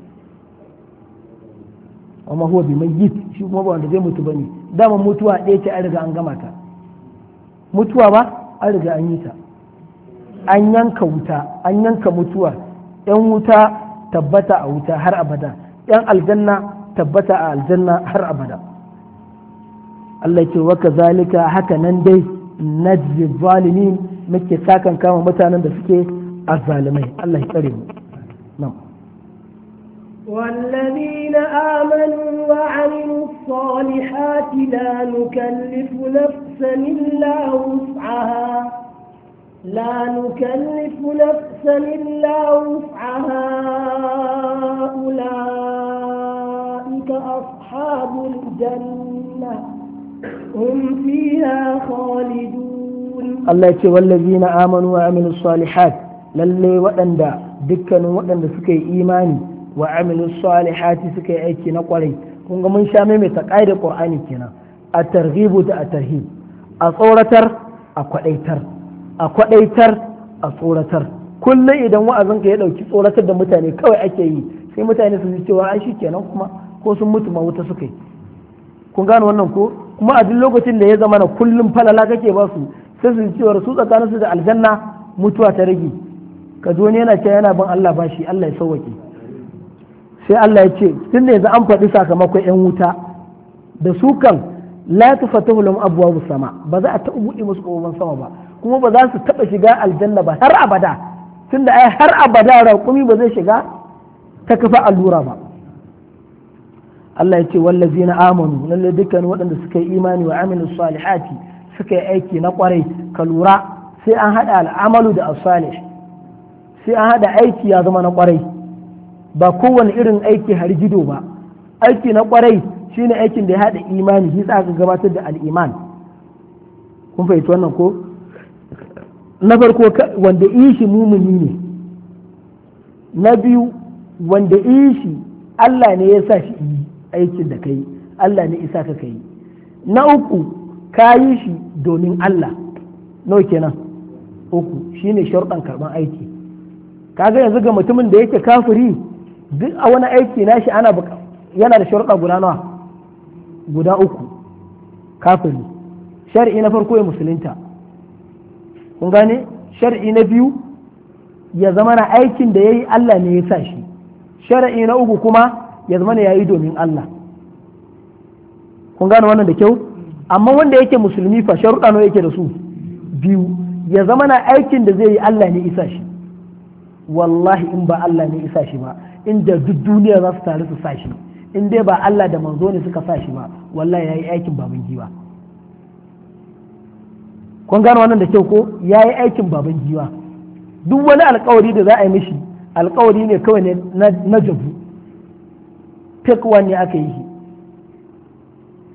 amma huwa biman yi shi kuma ba wanda zai mutu ba ne. dama mutuwa ɗaya ce an riga an gama ta mutuwa ba an riga an yi ta an yanka wuta an yanka mutuwa yan wuta tabbata a wuta har abada yan aljanna tabbata a aljanna har abada Allah ce waka zalika haka nan dai na zalimin muke sakan kama mutanen da suke azzalimai Allah ya tsare mu nan والذين آمنوا وعملوا الصالحات لا نكلف نفسا إلا وسعها لا نكلف نفسا إلا وسعها أولئك أصحاب الجنة Allah ce wallazi na amanu wa aminu salihat lalle waɗanda dukkanin waɗanda suka yi imani wa aminu salihat suka yi aiki na kwarai kun ga mun sha maimaita ƙa'idar ƙwar'ani kenan a targhibu da a tarhi a tsoratar a kwaɗaitar a kwaɗaitar a tsoratar kullum idan wa'azin ka ya ɗauki tsoratar da mutane kawai ake yi sai mutane su ji cewa ai shi kenan kuma ko sun mutu ma wuta suka yi kun gane wannan ko kuma a duk lokacin da ya zama na kullum falala kake ba su sai su cewa su tsakanin su da aljanna mutuwa ta rage ka zo ne yana ce yana bin Allah bashi Allah ya sauwake sai Allah ya ce tun da yanzu an faɗi sakamakon yan wuta da su kan la tufatahu lahum abwabu sama ba za a taɓa buɗe musu ƙofofin sama ba kuma ba za su taɓa shiga aljanna ba har abada tunda ai har abada raƙumi ba zai shiga ta kafa allura ba Allah ya ce wallazi na amanu lalle dukkan waɗanda suka yi imani wa aminu salihati suka yi aiki na kwarai ka lura sai an haɗa al'amalu da asalih sai an haɗa aiki ya zama na kwarai ba kowane irin aiki harjido ba aiki na kwarai shine aikin da ya haɗa imani shi ka gabatar da al'iman kun fahimci wannan ko na farko wanda ishi mumuni ne na biyu wanda ishi Allah ne ya sa shi yi aikin da kai Allah ne isa ka kai na uku ka yi shi domin Allah nawa kenan uku shine sharuɗan karɓar aiki kaga yanzu ga mutumin da yake kafiri duk a wani aiki nashi ana yana da sharuɗa guda nawa guda uku kafiri shari'i na farko ya musulunta kun gane shari'i na biyu ya zama na aikin da ya yi Allah ne ya sa shi shari'i na uku kuma ya zama ya yi domin Allah kun gane wannan da kyau amma wanda yake musulmi fa sharuɗa nawa yake da su biyu ya zama na aikin da zai yi Allah ne isa shi wallahi in ba Allah ne isa shi ba inda duk duniya za su taru su sa shi in dai ba Allah da manzo ne suka sa shi ba wallahi yayi aikin baban giwa kun gano wannan da kyau ko yayi aikin baban giwa duk wani alkawari da za a yi mishi alkawari ne kawai ne na jabu fekwa ne aka yi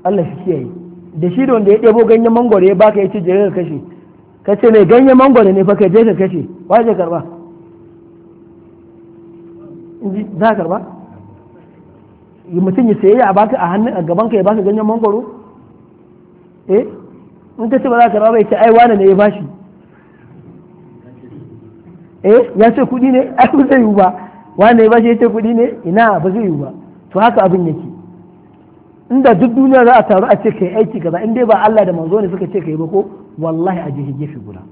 Allah shi kiyaye da shi da wanda ya ɗebo ganyen mangoro ya baka ya ce je ka kashe ka ce mai ganyen mangoro ne fa ka je ka kashe wa je karba za ka karba mutum ya sayayya a baka a hannun a gaban ka ya baka ganyen mangoro eh in ta ce ba za ka karba ba ya ce ai wane ne ya bashi eh ya ce kuɗi ne <laughs> ai ba zai yiwu ba wane ya bashi ya ce kuɗi ne ina ba zai yiwu ba to haka abin yake inda duk duniya za a taru a ce kai aiki gaba in dai ba Allah da manzo ne suka ce kai ba ko wallahi a jihi gefe guda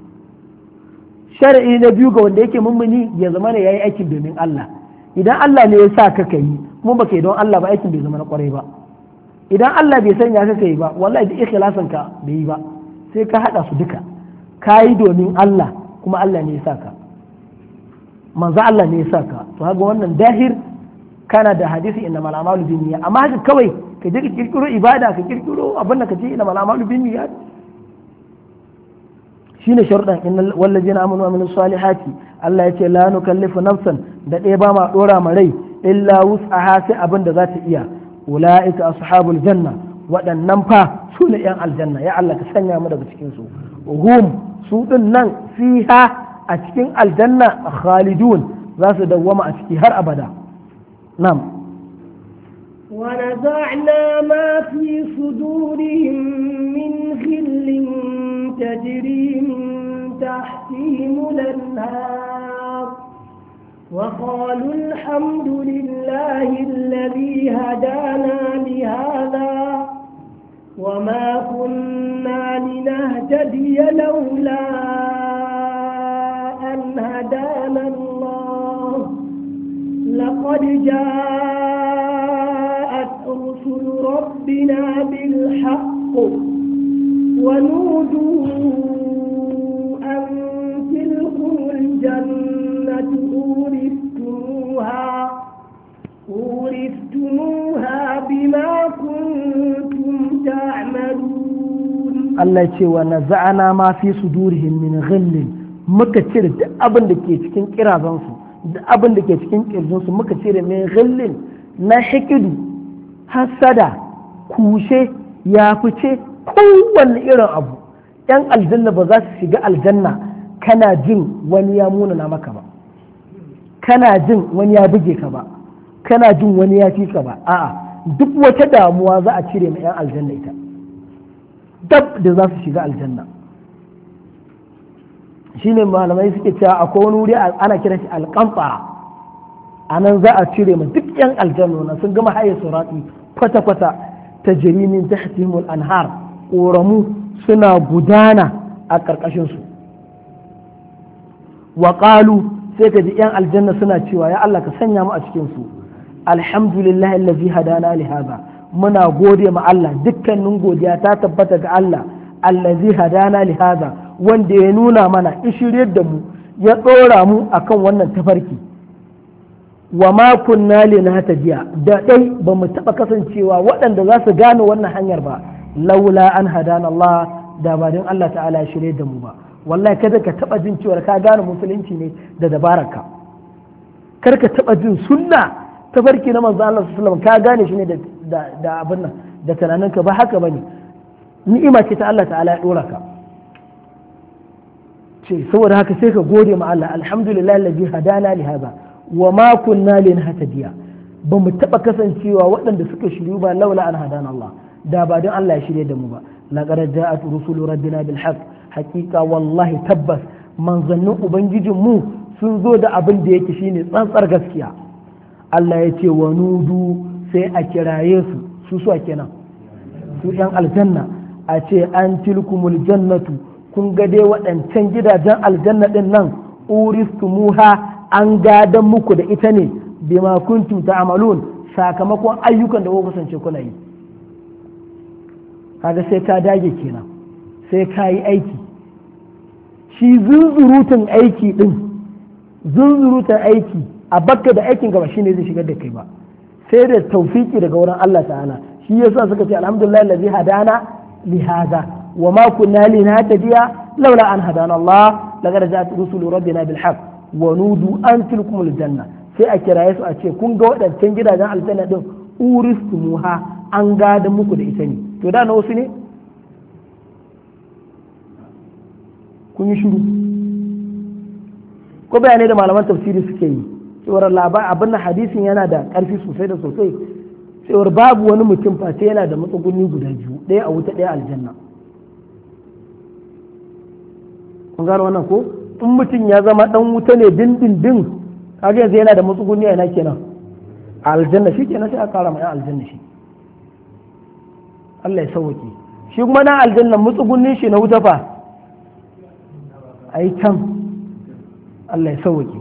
shar'i na biyu ga wanda yake mummuni ya zama ne yayi aikin domin Allah idan Allah ne ya sa ka kai kuma baka yi don Allah ba aikin bai zama na kwarai ba idan Allah bai sanya ka kai ba wallahi da ikhlasan ka bai yi ba sai ka hada su duka kayi domin Allah kuma Allah ne ya sa ka manzo Allah ne ya sa ka to haka wannan dahir kana da hadisi inna mal amalu amma haka kawai ka je ka kirkiro ibada ka kirkiro abin da ka ce inna mal amalu bin shine sharuɗan inna wallazina amanu wa amilus salihati Allah ya ce la nukallifu nafsan da ɗaya ba ma ɗora ma rai illa wus'aha sai abin da za ta iya ulaika ashabul janna waɗannan fa su ne yan aljanna ya Allah ka sanya mu daga cikinsu. su hum su ɗin nan fiha a cikin aljanna khalidun za su dawwama a ciki har abada نعم ونزعنا ما في صدورهم من غل تجري من تحتهم الأنهار وقالوا الحمد لله الذي هدانا لهذا وما كنا لنهتدي لولا أن هدانا الله Lapad ja a wasu robin a bi haƙƙo wa nudu an ce wa na za'a ma sai su dure min gallin muka cire ta abinda ke cikin kirazansu. da abin da ke cikin ƙirjinsu muka cire min ghillin na hikidu hasada kushe ya fice kowanne irin abu yan aljanna ba za su shiga aljanna kana jin wani ya munana maka ba kana jin wani ya buge ka ba kana jin wani ya fi ka ba a'a duk wata damuwa za a cire ma yan aljanna ita dab da za su shiga aljanna ne malamai suke cewa ko wani wuri ana kira shi alƙamfara a nan za a cire ma duk yan aljanna na sun gama haye surati kwata-kwata ta jirimin tahtimul anhar ƙoramu suna gudana a ƙarƙashinsu waƙalu sai ka ji yan aljanna suna cewa ya Allah ka sanya mu a cikinsu alhamdulillah allazi hadana li muna gode ma Allah dukkanin godiya ta tabbata ga Allah allazi hadana li wanda ya nuna mana ishiryar da mu ya ɗora mu akan wannan tafarki wa ma kunna jiya da dai ba mu taɓa kasancewa waɗanda za su gane wannan hanyar ba laula an hadana Allah da ba Allah ta'ala shirye da mu ba wallahi kada ka taɓa jin cewa ka gane musulunci ne da dabararka kar ka taɓa jin sunna tafarki na manzo Allah sallallahu ka gane shi ne da da abin nan da tunaninka ba haka bane ni'ima ce ta Allah ta'ala ya dora ka ce saboda haka sai ka gode ma Allah alhamdulillah alladhi hadana li hada wa ma kunna linahtadiya ba mu taba kasancewa waɗanda suka shiryu ba laula an hadana Allah da ba don Allah ya shirye da mu ba laqad ja'at rusulu rabbina bil haqq haqiqa wallahi tabbas manzannin ubangijin mu sun zo da abin da yake shine tsantsar gaskiya Allah ya ce wa nudu sai a kiraye su su su kenan su yan aljanna a ce an tilkumul jannatu kun ga dai waɗancan gidajen aljanna ɗin nan muha an gadon muku da ita ne bima kuntum amalun sakamakon ayyukan da kuka sance kuna yi kaga sai ka dage kenan sai ka yi aiki shi zunzurutun aiki ɗin zunzurutun aiki a bakka da aikin gaba shine zai shigar da kai ba sai da tawfiki daga wurin Allah ta'ala shi yasa suka ce alhamdulillah allazi hadana li hada wa na ta linahtadiya launa an hada nala laqad ja'at rusulu rabbina bil haqq wa nudu an sai a kiraye su a ce kun ga waɗancan gidajen aljanna din uristumuha an gada muku da ita ne to da na wasu ne kun yi shiru ko bayanai da malaman tafsiri suke yi cewar labar abin hadisin yana da ƙarfi sosai da sosai cewar babu wani mutum face yana da matsugunni guda biyu ɗaya a wuta ɗaya aljanna kun gano wannan ko in mutum ya zama dan wuta ne dindindin kaga yanzu yana da matsuguni a ina kenan a aljanna shi kenan sai a kara mai aljanna shi Allah ya sauke shi kuma na aljanna matsugunni shi na wuta fa ai can Allah ya sauke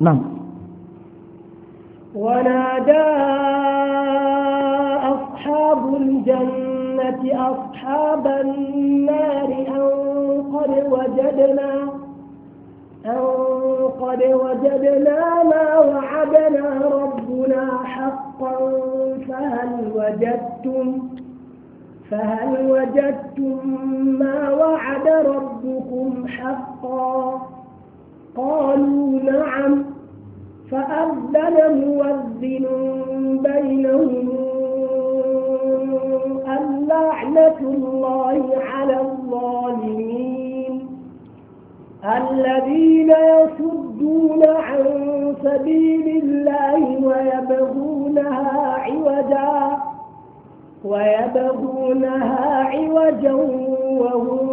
nan ونادى أصحاب الجنة أصحاب النار أن قد وجدنا أن قد وجدنا ما وعدنا ربنا حقا فهل وجدتم فهل وجدتم ما وعد ربكم حقا قالوا نعم فأذن مؤذن بينهم لعنة الله على الظالمين الذين يصدون عن سبيل الله ويبغونها عوجا ويبغونها عوجا وهم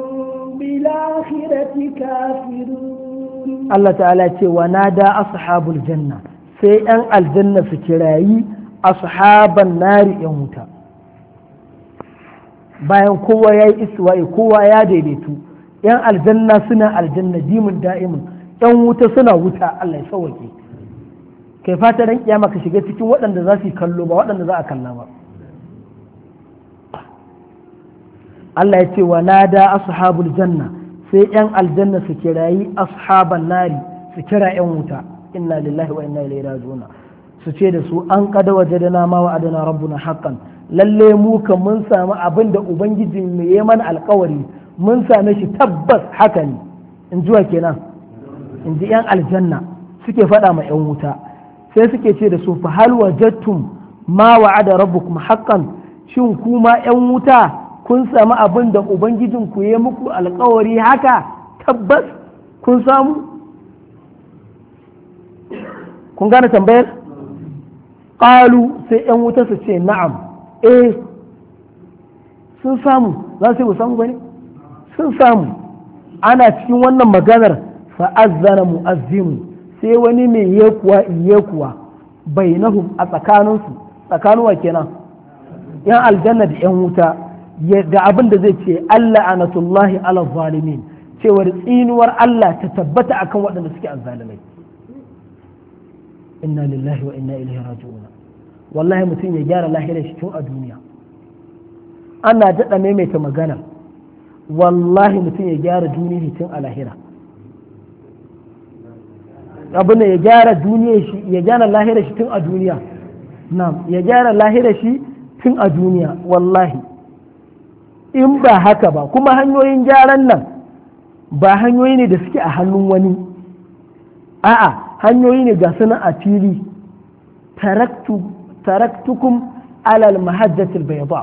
بالآخرة كافرون الله تعالى ونادى أصحاب الجنة sai 'yan aljanna su kirayi ashaban nari 'yan wuta bayan kowa ya yi ya kowa ya daidaitu yan aljanna suna aljanna dimin da'imin yan wuta suna wuta Allah ya sauwake kai fata ran kiyama ka shiga cikin waɗanda za su yi kallo ba waɗanda za a kalla ba Allah ya ce wa nada ashabul janna sai yan aljanna su kirayi ashaban nari su kira yan wuta inna lillahi wa inna ilaihi raji'un su ce da su an kada wajadana ma wa adana rabbuna haqqan lalle mu kan mun samu abin da ubangijin mu ya mana alkawari mun same shi tabbas haka ne in zuwa kenan in ji yan aljanna suke faɗa ma yan wuta sai suke ce da su fa hal wajadtum ma wa'ada rabbukum haqqan shin kuma yan wuta kun samu abin da ubangijin ku ya muku alkawari haka tabbas kun samu kun gane tambayar qalu sai yan wuta su ce na'am eh sun samu za su yi samu ba sun samu ana cikin wannan maganar fa'azzana mu'azzimu sai wani mai yekuwa yekuwa bainahu a tsakaninsu tsakanin wa kenan yan aljanna da yan wuta ga abin da zai ce Allah anatullahi ala zalimin cewar tsinuwar Allah ta tabbata akan waɗanda suke azzalimai inna lillahi wa inna ilaihi raji'un wallahi mutum ya gyara lahirar shi tun a duniya ana daɗa maimaita magana wallahi mutum ya gyara duniya tun a lahira abin ya gyara duniya shi ya gyara lahirar shi tun a duniya na ya gyara lahirar shi tun a duniya wallahi in ba haka ba kuma hanyoyin gyaran nan ba hanyoyi ne da suke a hannun wani a'a hanyoyi ne ga suna a fili taraktu taraktukum alal mahajjatil bayda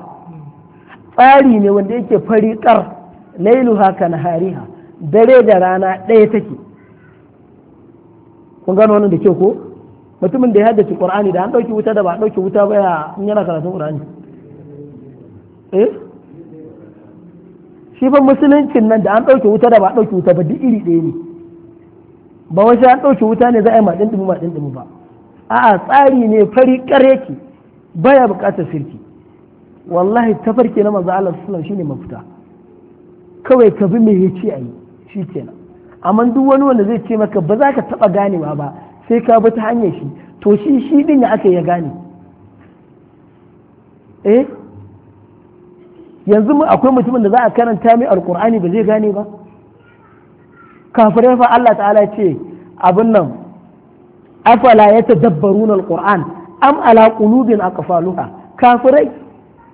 tsari ne wanda yake fari kar lailuha ka nahariha dare da rana ɗaya take kun gano wannan da kyau ko mutumin da ya haddace qur'ani da an dauki wuta da ba a dauki wuta ba ya yana karatun qur'ani eh shi fa musuluncin nan da an dauki wuta da ba a dauki wuta ba duk iri ɗaya ne ba wai sai an dauki wuta ne za a yi ma dindimi ma dindimi ba a'a tsari ne fari kare ki baya buƙatar sirki wallahi tafarki na manzo Allah sallallahu alaihi shine mafita kawai ka bi me yace ayi shikenan amma duk wani wanda zai ce maka ba za ka taba ganewa ba sai ka bi ta hanyar shi to shi shi din ya aka ya gane eh yanzu akwai mutumin da za a karanta mai alkur'ani ba zai gane ba kafirai fa Allah ta'ala ce abin nan afala ya na alquran am ala a aqfaluha kafirai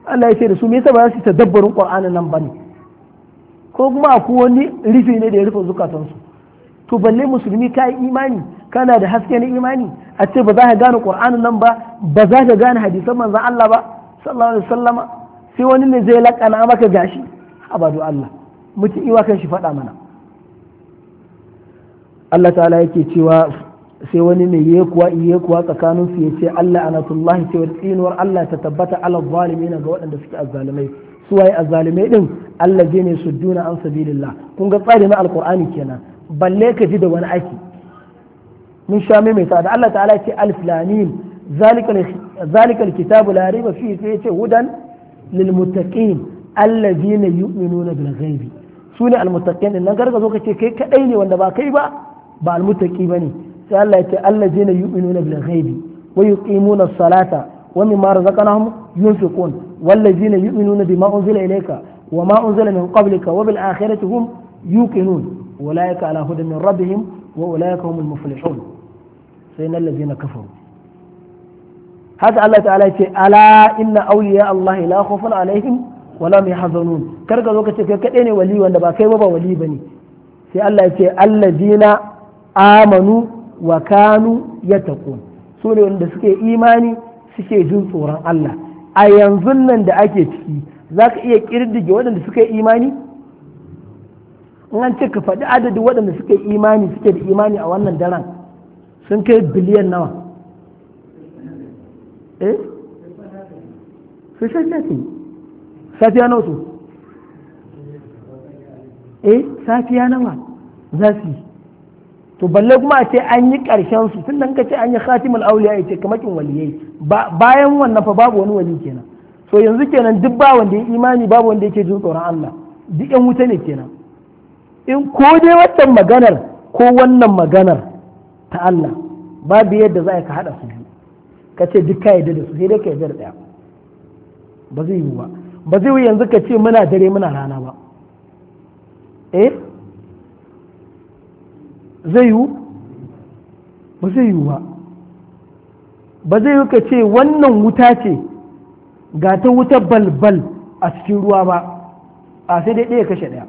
Allah ya ce da su me yasa ba za su tadabbarin qur'anin nan ba ne ko kuma akwai wani rufi ne da ya rufe zukatansu to balle musulmi ka yi imani kana da haske na imani a ce ba za ka gane qur'anin nan ba ba za ka gane hadisan manzon Allah ba sallallahu alaihi sallama sai wani ne zai lakana maka gashi abadu Allah mutum iwa kan shi faɗa mana Allah ta'ala yake cewa sai wani mai ya tsakanin su yace Allah anatullahi cewa tsinuwar Allah ta tabbata ala zalimina ga waɗanda suke azzalimai su waye azzalimai din Allah je ne sudduna an sabilillah kun ga tsari na alqur'ani kenan balle ka ji da wani aiki mun sha mai da Allah ta'ala ce alif lamim zalikal kitabu la riba fihi yace hudan lil muttaqin alladhina yu'minuna bil ghaibi sune al muttaqin nan gargazo kace kai kadai ne wanda ba kai ba ba al muttaqi bane sai Allah ya ce Allah na allazina yu'minuna bil ghaibi wa yuqimuna as-salata wa mimma razaqnahum yunfiqun wallazina yu'minuna bima unzila ilayka wa ma unzila min qablika wa bil akhirati hum yuqinun ulaika ala hudan min rabbihim wa ulaika humul muflihun sai nan allazina kafaru haka Allah ta'ala ya ce ala inna awliya Allah la khawfun alaihim wala mai hazanun kar ka zo ka ce kai kaɗai ne wali wanda ba kai ba ba wali bane sai Allah ya ce allazina amanu wa kanu yattaqun su ne wanda suke imani suke jin tsoron Allah a yanzu nan da ake ciki za ka iya kirdige waɗanda suka yi imani in an ce ka faɗi adadin waɗanda suka yi imani suke da imani a wannan daren sun kai biliyan nawa eh sai shafi safiya nawa su eh safiya nawa za su yi to balle kuma a ce an yi ƙarshen su tun ka ce an yi khatimul auliya ya ce kin waliyai bayan wannan fa babu wani wali kenan so yanzu kenan duk ba wanda ya imani babu wanda yake jin tsoron Allah duk yan wuta ne kenan in ko dai wannan maganar ko wannan maganar ta Allah babu yadda za ka hada su ka ce duk ka yarda da su sai dai ka yarda daya ba zai yi ba ba zai yi yanzu ka ce muna dare muna rana ba eh zai yiwu ba zai yiwu ba ba zai yiwu ka ce wannan wuta ce ga ta wuta balbal a cikin ruwa ba a sai dai ɗaya kashe ɗaya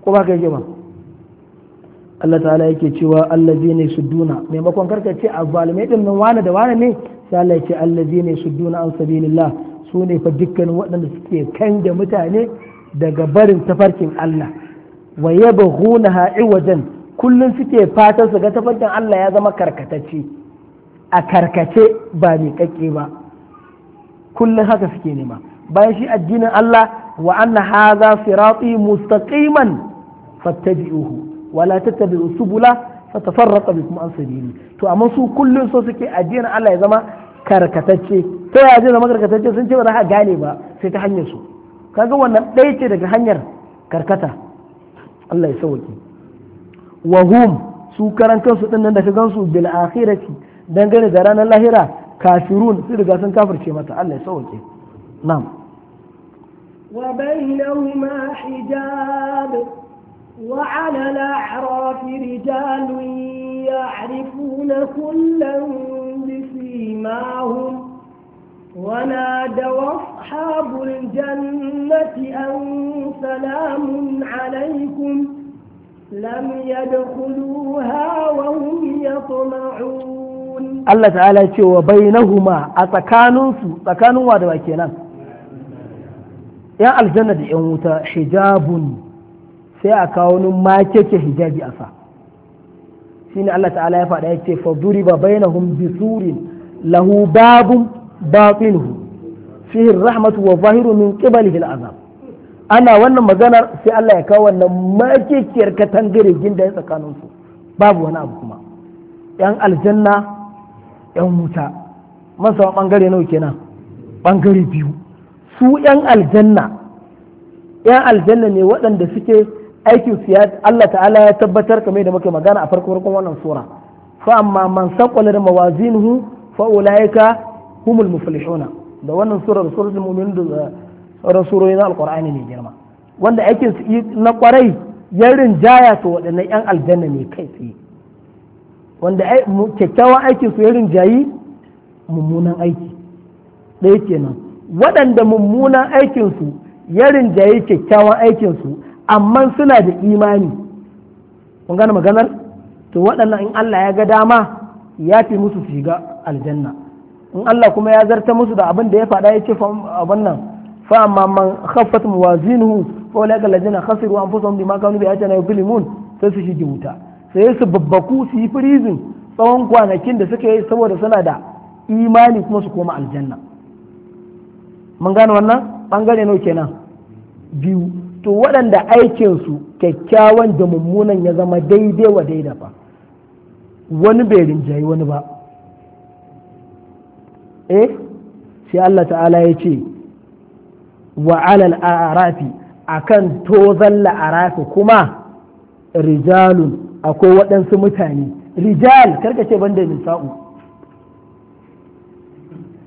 ko ba ka yi ba Allah ta'ala yake cewa allazi ne su duna maimakon karka ce a zalume din nan wane da wane ne sai Allah ya ce allazi ne su duna an sabilillah su ne fa dukkanin waɗanda suke kan da mutane daga barin tafarkin Allah wa yabghunaha iwajan kullum suke fatan su ga tafarkin Allah ya zama karkatacce a karkace ba mai kakke ba kullum haka suke nema bayan shi addinin Allah wa anna hadha sirati mustaqiman fattabi'uhu wa la tattabi'u subula fatafarraqa bikum an sabili to amma su kullum so suke addinin Allah ya zama karkatacce ta ya zama karkatacce sun ce ba za ka gane ba sai ta hanyar su kaga wannan ɗaya ce daga hanyar karkata Allah ya sauke wa hum su karan kansu din nan da ka gansu bil akhirati dangane da ranar lahira kafirun su riga sun kafirce mata Allah ya sauke na'am wa bainahuma hijab وعلى الأعراف رجال يعرفون كلا بسيماهم ونادوا أصحاب الجنة أن سلام عليكم لم يدخلوها وهم يطمعون الله تعالى يقول وبينهما أتكانوا تكانوا ودوا كنا يا الجنة دي حجاب سيأكون ما كيك حجاب أفا سين الله تعالى ya faɗa ya بينهم fa duriba bainahum batinuhu fihi rahmatu wa zahiru min qibalihi al'azab ana wannan maganar sai Allah ya kawo wannan makikiyar katangare da ya tsakaninsu. babu wani abu kuma yan aljanna yan wuta masa bangare nawa kenan bangare biyu su yan aljanna yan aljanna ne waɗanda suke aikin su ya Allah ta'ala ya tabbatar kamar da muke magana a farko farkon wannan sura fa amma man saqala mawazinuhu fa ulaika humul muflihuna da wannan surar surar mu'minun da eh, sauran surori na alqur'ani ne girma wanda aikin su na kwarai ya rinjaya to wadannan yan aljanna ne kai tsaye wanda kyakkyawan aikin su ya rinjayi mummunan aiki ɗaya nan waɗanda mummunan aikin su ya rinjayi kyakkyawan aikin su amma suna da imani kun gane maganar to waɗannan in Allah ya ga dama ya fi musu shiga aljanna in Allah kuma ya zarta musu da abin da ya faɗa ya ce abin nan fa amma man khaffat muwazinuhu fa ulaka alladhina khasiru anfusahum bima kanu fili yuzlimun sai su shige wuta sai su babbaku su yi firizin tsawon kwanakin da suka yi saboda suna da imani kuma su koma aljanna mun gane wannan bangare nau kenan biyu to waɗanda aikinsu kyakkyawan da mummunan ya zama daidai wa daida ba wani bai rinjayi wani ba eh sai Allah ta'ala ya ce wa alal arafi akan zalla la'arafi kuma rijalun akwai waɗansu mutane rijal karka ce banda sa'u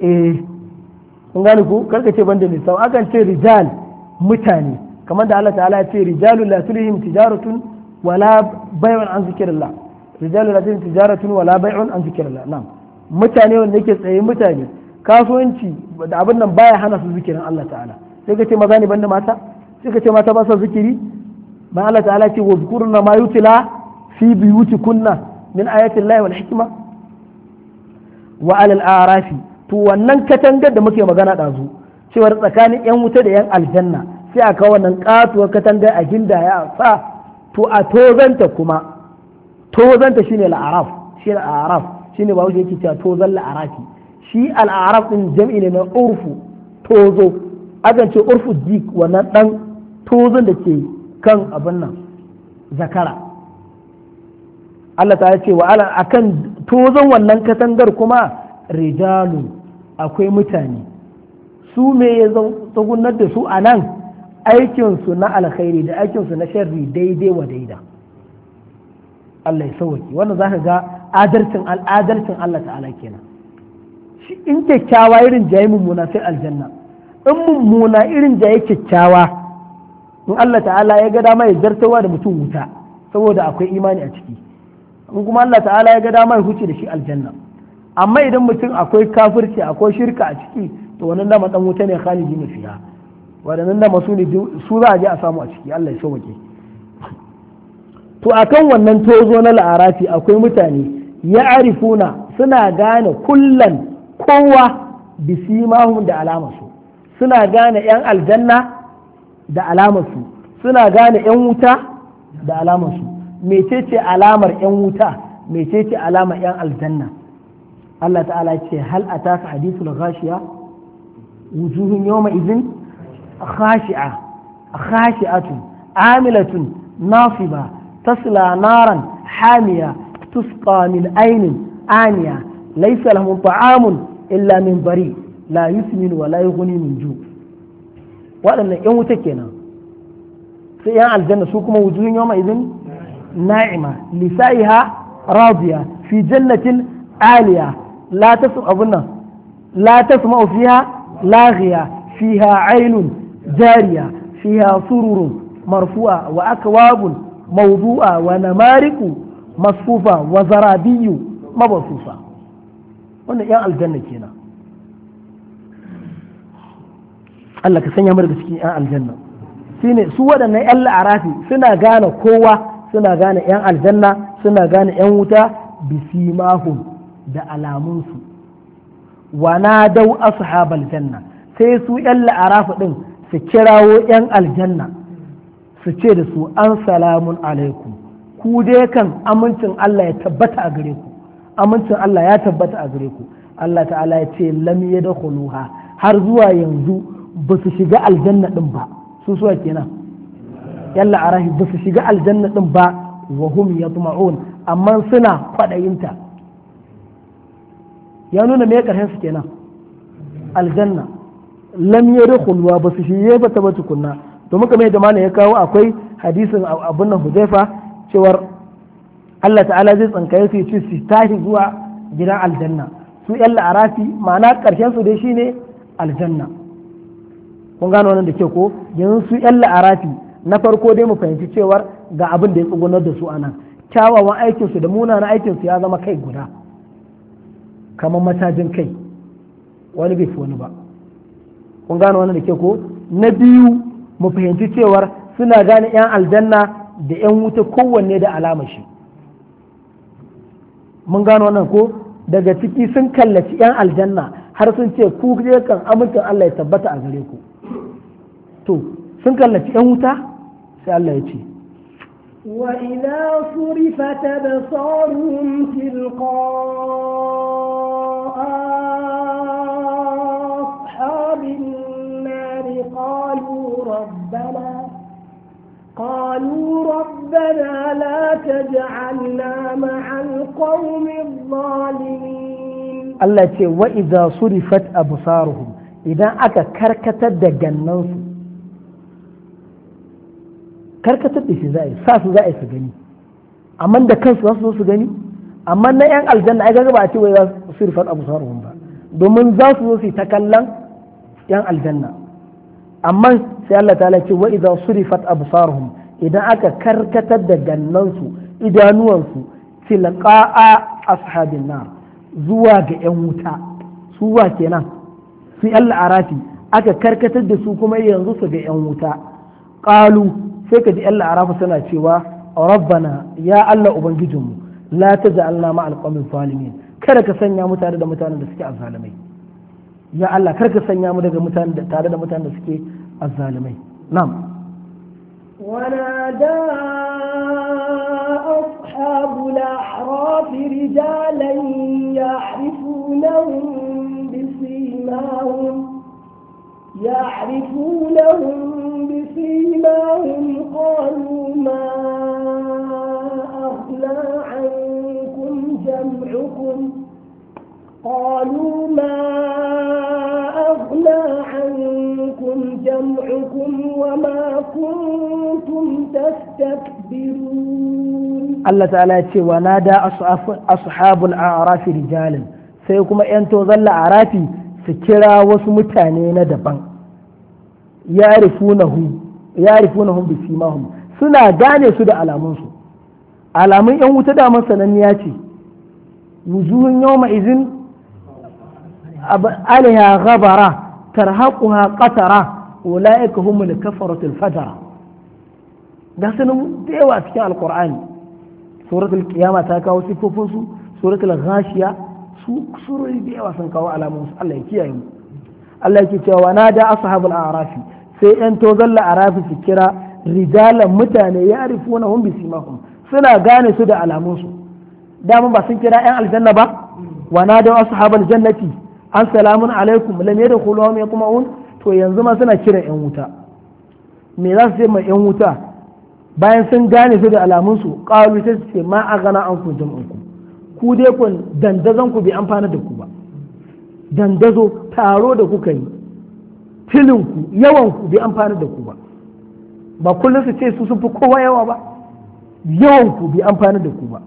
eh kun gane ku karka ce banda sa'u akan ce rijal mutane kamar da Allah ta'ala ya ce rijalun la tulihim tijaratun wala bai'un an zikrillah rijalun la tulihim tijaratun wala bai'un an zikrillah na'am mutane wanda yake tsaye mutane kasuwanci da abin nan baya hana su zikirin Allah ta'ala sai ka ce maza ne banda mata sai ka ce mata ba sa zikiri ba Allah ta'ala ce wa zikurna ma yutila fi biyutikunna min ayatin lahi wal hikma wa alal arafi to wannan katangar da muke magana ɗazu cewar tsakanin yan wuta da yan aljanna sai a aka wannan katuwar katangar a gindaya sa to a tozanta kuma tozanta shine al-araf shine al-araf ne ba yake cewa tozon zalla shi al'arab din jam'i ne na urfu tozo akan ce urfu dik wannan dan tozon da ke kan abin nan zakara Allah ta ce wa ala akan tozon wannan katangar kuma rijalu akwai mutane su me ya tsugunar da su a nan aikinsu na alkhairi da aikinsu na sharri daidai wa daida Allah ya sauwaki wannan za ka ga adalcin al'adalcin Allah ta'ala kenan shi in kyakkyawa irin jayi mummuna sai aljanna in mummuna irin jayi kyakkyawa in Allah ta'ala ya ga dama ya zartawa da mutum wuta saboda akwai imani a ciki in kuma Allah ta'ala ya ga dama ya huce da shi aljanna amma idan mutum akwai kafirci akwai shirka a ciki to wannan dama dan wuta ne khalidi mafiya wadannan dama su ne su za a je a samu a ciki Allah ya sauke <laughs> to akan wannan tozo na la'arafi akwai mutane ya'rifuna suna gane kullan kowa bisimahum da alamarsu suna gane yan aljanna da alamarsu suna gane yan wuta da alamarsu mecece alamar yan wuta mecece alamar yan aljanna Allah ta'ala ce hal ataka hadithul ghashiya wujuhun yawma idhin khashi'a khashi'atun amilatun nasiba tasla naran hamiya تسقى من عين آنية ليس لهم طعام إلا من بريء لا يسمن ولا يغني من جوع waɗannan 'yan wuta kenan sai 'yan aljanna su kuma wujuhun yawma idin na'ima lisaiha radiya fi jannatin aliya la tasu abunna la tasma'u fiha laghiya fiha ainun jariya ha sururun marfu'a wa akwabun mawdu'a wa namariku masufa wa zarabiyu mabasufa wannan yan aljanna kenan Allah ka sanya mu da cikin yan aljanna shine su waɗannan yan la'arafi suna gane kowa suna gane yan aljanna suna gane yan wuta bisimahum da alamunsu wa na dau ashab janna sai su yan la'arafi din su kirawo yan aljanna su ce da su an salamun alaikum ku dai kan amincin Allah ya tabbata a gare ku amincin Allah ya tabbata a gare ku Allah ta'ala ya ce lam yadkhuluha har zuwa yanzu ba su shiga aljanna din ba su suwa kenan yalla arahi ba su shiga aljanna din ba wa hum yatma'un amma suna kwadayinta ya nuna me karhen su kenan aljanna lam yadkhuluha ba su shige ba ta ba tukunna domin kamar yadda malam ya kawo akwai hadisin abun nan Huzaifa cewar Allah ta'ala zai tsankaye su ce su tashi zuwa gidan aljanna su yan la'arafi ma'ana karshen su dai shine aljanna kun gano wannan da ke ko yanzu su yan la'arafi na farko dai mu fahimci cewar ga abin da ya tsugunar da su anan kyawawan aikinsu da munanan aikinsu ya zama kai guda kamar matajin kai wani bai fi wani ba kun gano wannan da ke ko na biyu mu fahimci cewar suna gane 'yan aljanna da 'yan wuta kowanne da alama shi mun gano nan ko daga ciki sun kallaci 'yan aljanna har sun ce ku kan amincin Allah ya tabbata a gare ku to sun kallaci 'yan wuta sai Allah ya ce da صرفت أبصارهم تلقاء أصحاب النار قالوا ربنا قالوا ربنا لا تجعلنا مع القوم الظالمين الله يقول وإذا صرفت أبصارهم إذا أكا كركت دجنوس كركت بشزائي ساس زائي سجني أما ده كان ساس سجني أما نا ين الجنة أجا بأتي وإذا صرفت أبصارهم با دومن زاس وسي تكلم ين الجنة amma sai Allah ta'ala ce wa idza surifat absaruhum idan aka karkatar da gannansu idanuwansu tilqa'a ashabin nar zuwa ga yan wuta su wa kenan su Allah arafi aka karkatar da su kuma yanzu su ga yan wuta qalu sai ka ji Allah arafa suna cewa rabbana ya Allah ubangijinmu la taj'alna ma'al qawmi zalimin kada ka sanya mutane da mutanen da suke azzalimai ya Allah karka sanya mu daga mutane da tare da mutane da suke azzalimai na'am ونادى أصحاب الأعراف رجالا يعرفونهم بسيماهم يعرفونهم بسيماهم قالوا ما عنكم جمعكم قالوا ما أغنى عنكم جمعكم وما كنتم تستكبرون الله تعالى ونادى أصحاب الأعراف رجالا سيكم أنتو ظل أعرافي سكرا وسمتانين دبان يعرفونه يعرفونهم بسيماهم سنا جاني سدى على منصر على من يوم damar sananniya ce wujuhun yau ma'izin عليها غبرة ترهقها قترة أولئك هم الكفرة الفجرة ده سنم ديوة في القرآن سورة القيامة تاكاو سيكوفوسو سورة الغاشية سورة ديوة سنكاو على موسى الله يكيه الله يكيه ونادى أصحاب الأعراف سيئن توزل أعراف سكرة رجالا متاني يعرفونهم بسيماهم suna gane su da alamunsu dama ba sun kira 'yan aljanna ba wa na da wasu habal jannati assalamun alaikum lam yadkhulu hum yatma'un to yanzu ma suna kiran yan wuta me za su ce ma yan wuta bayan sun gane su da alamun su qalu ta ce ma aghana ankum jam'ukum ku dai kun dandazon ku bai amfana da ku ba dandazo taro da kuka yi filinku yawanku bai amfana da ku ba ba kullum su ce su sun fi kowa yawa ba yawanku bai amfana da ku ba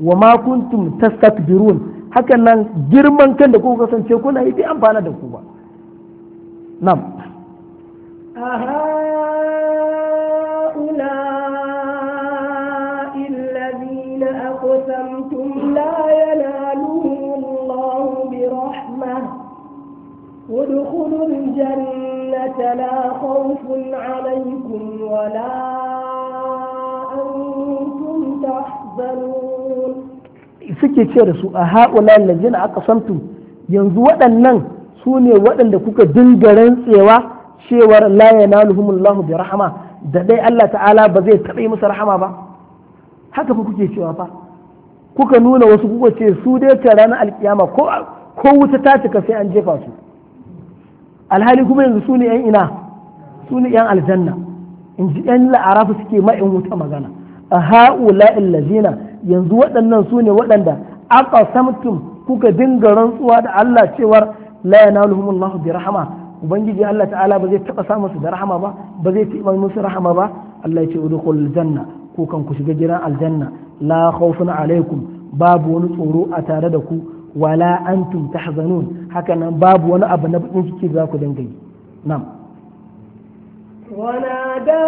wa ma kuntum tastakbirun hakan nan girman kan da kuka kasance kuna yi bai amfana da ku ba nam أقسمتم لا ينالهم الله برحمة ادخلوا الجنة لا خوف عليكم ولا أنتم تحزنون suke ce da su a haƙula lalzina aka samtu yanzu waɗannan su ne waɗanda kuka dinga rantsewa cewar la yanaluhumullahu bi rahama da dai Allah ta'ala ba zai taɓa yi musu rahama ba haka ku kuke cewa fa kuka nuna wasu kuka ce su dai ta ranar alkiyama ko wuta ta cika sai an jefa su alhali kuma yanzu su ne yan ina su ne yan aljanna in ji yan la'arafu suke ma'in wuta magana a ha'ula illazina yanzu waɗannan su ne waɗanda aqasamtum kuka dinga rantsuwa da Allah cewar la yanaluhumullahu bi rahama ubangiji Allah ta'ala ba zai taba samu su da rahama ba ba zai taba musu rahama ba Allah ya ce udkhul janna ku kan ku shiga gidan aljanna la khawfun alaikum babu wani tsoro a tare da ku wala antum tahzanun haka nan babu wani abu na bakin ciki za ku dinga yi nam ونادى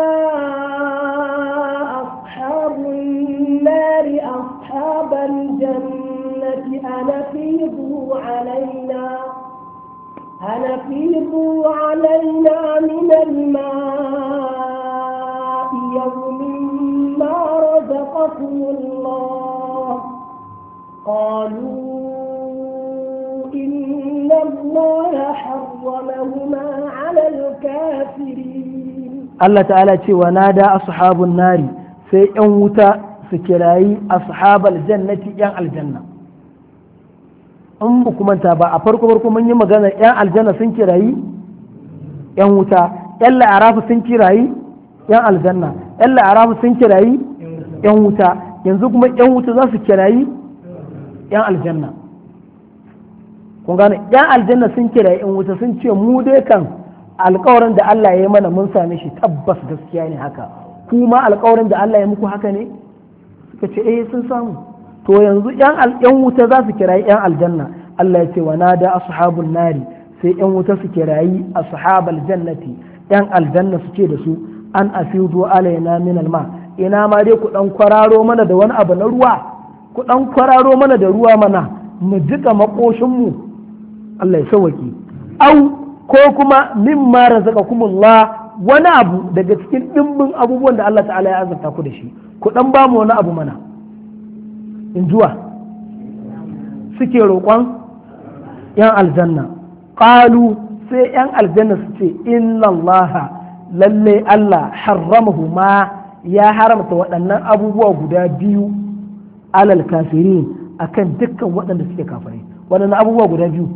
النار أصحاب الجنة أنفيضوا علينا أنفيضوا علينا من الماء يوم ما رزقكم الله قالوا إن الله حرمهما على الكافرين الله تعالى ونادى أصحاب النار في أن su kirayi ashabal jannati yan aljanna in ba kuma ta ba a farko farko mun yi magana yan aljanna sun kirayi yan wuta yan la'arafu sun kirayi yan aljanna yan la'arafu sun kirayi yan wuta yanzu kuma yan wuta za su kirayi yan aljanna kun gane yan aljanna sun kirayi yan wuta sun ce mu dai kan alkawarin da Allah ya yi mana mun same shi tabbas gaskiya ne haka kuma alkawarin da Allah ya muku haka ne suka ce eh sun samu to yanzu yan yan wuta za su kirayi yan aljanna Allah ya ce wa nada ashabun nari sai yan wuta su kirayi ashabal jannati yan aljanna su ce da su an asidu alaina min alma ina ma dai ku dan kwararo mana da wani abu na ruwa ku dan kwararo mana da ruwa mana mu jika makoshin mu Allah ya sauwaki au ko kuma mimma razaqakumullah wani abu daga cikin dimbin abubuwan da Allah ta'ala ya azurta ku da shi ku dan ba mu wani abu mana in zuwa suke roƙon yan aljanna ƙalu sai yan aljanna su ce inna lalle allah harramahu ma ya haramta waɗannan abubuwa guda biyu alal kafirin akan dukkan waɗanda suke kafirai waɗannan abubuwa guda biyu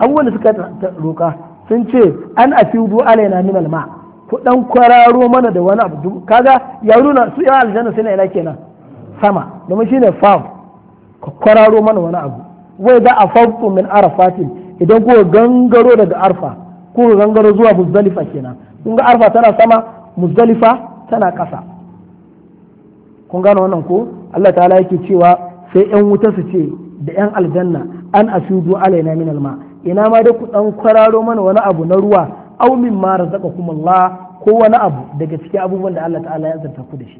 abubuwan da suka roƙa sun ce an afidu alaina min alma ku ɗan kwararo mana da wani abu kaga ya nuna su yawa aljanna na ina kenan sama domin shine fam ku kwararo mana wani abu wai da afaftu min arafatin idan ku gangaro daga arfa ku gangaro zuwa muzdalifa kenan kun ga arfa tana sama muzdalifa tana ƙasa kun gano wannan ko Allah ta'ala yake cewa sai yan wuta su ce da yan aljanna an asudu alaina min alma ina ma dai ku ɗan kwararo mana wani abu na ruwa aumin ma razaqakum Allah ko wani abu daga cikin abubuwan da Allah ta'ala ya zarta ku da shi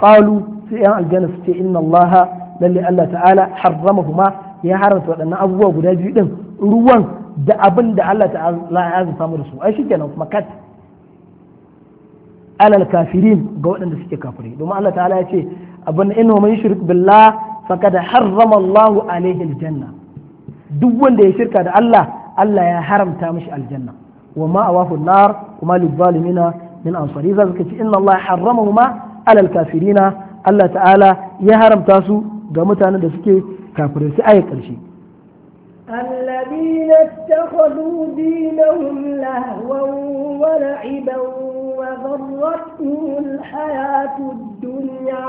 qalu sai yan aljanna su ce inna Allah lalle Allah ta'ala harramahuma ya haramta waɗannan abubuwa guda biyu din ruwan da abin da Allah ta'ala ya zarta mu da su ai shikenan kuma kat alal kafirin ga waɗanda suke kafiri domin Allah ta'ala ya ce abin inna man yushrik billah faqad harrama Allah alaihi aljanna duk wanda ya shirka da Allah Allah ya haramta mishi aljanna wa ma awahu nar kuma lizalimina min amfani za su ce inna Allah ma alal kafirina Allah ta'ala ya haramta su ga mutanen da suke kafirai sai ayi karshe الذين اتخذوا دينهم لهوا ولعبا وغرتهم الحياة الدنيا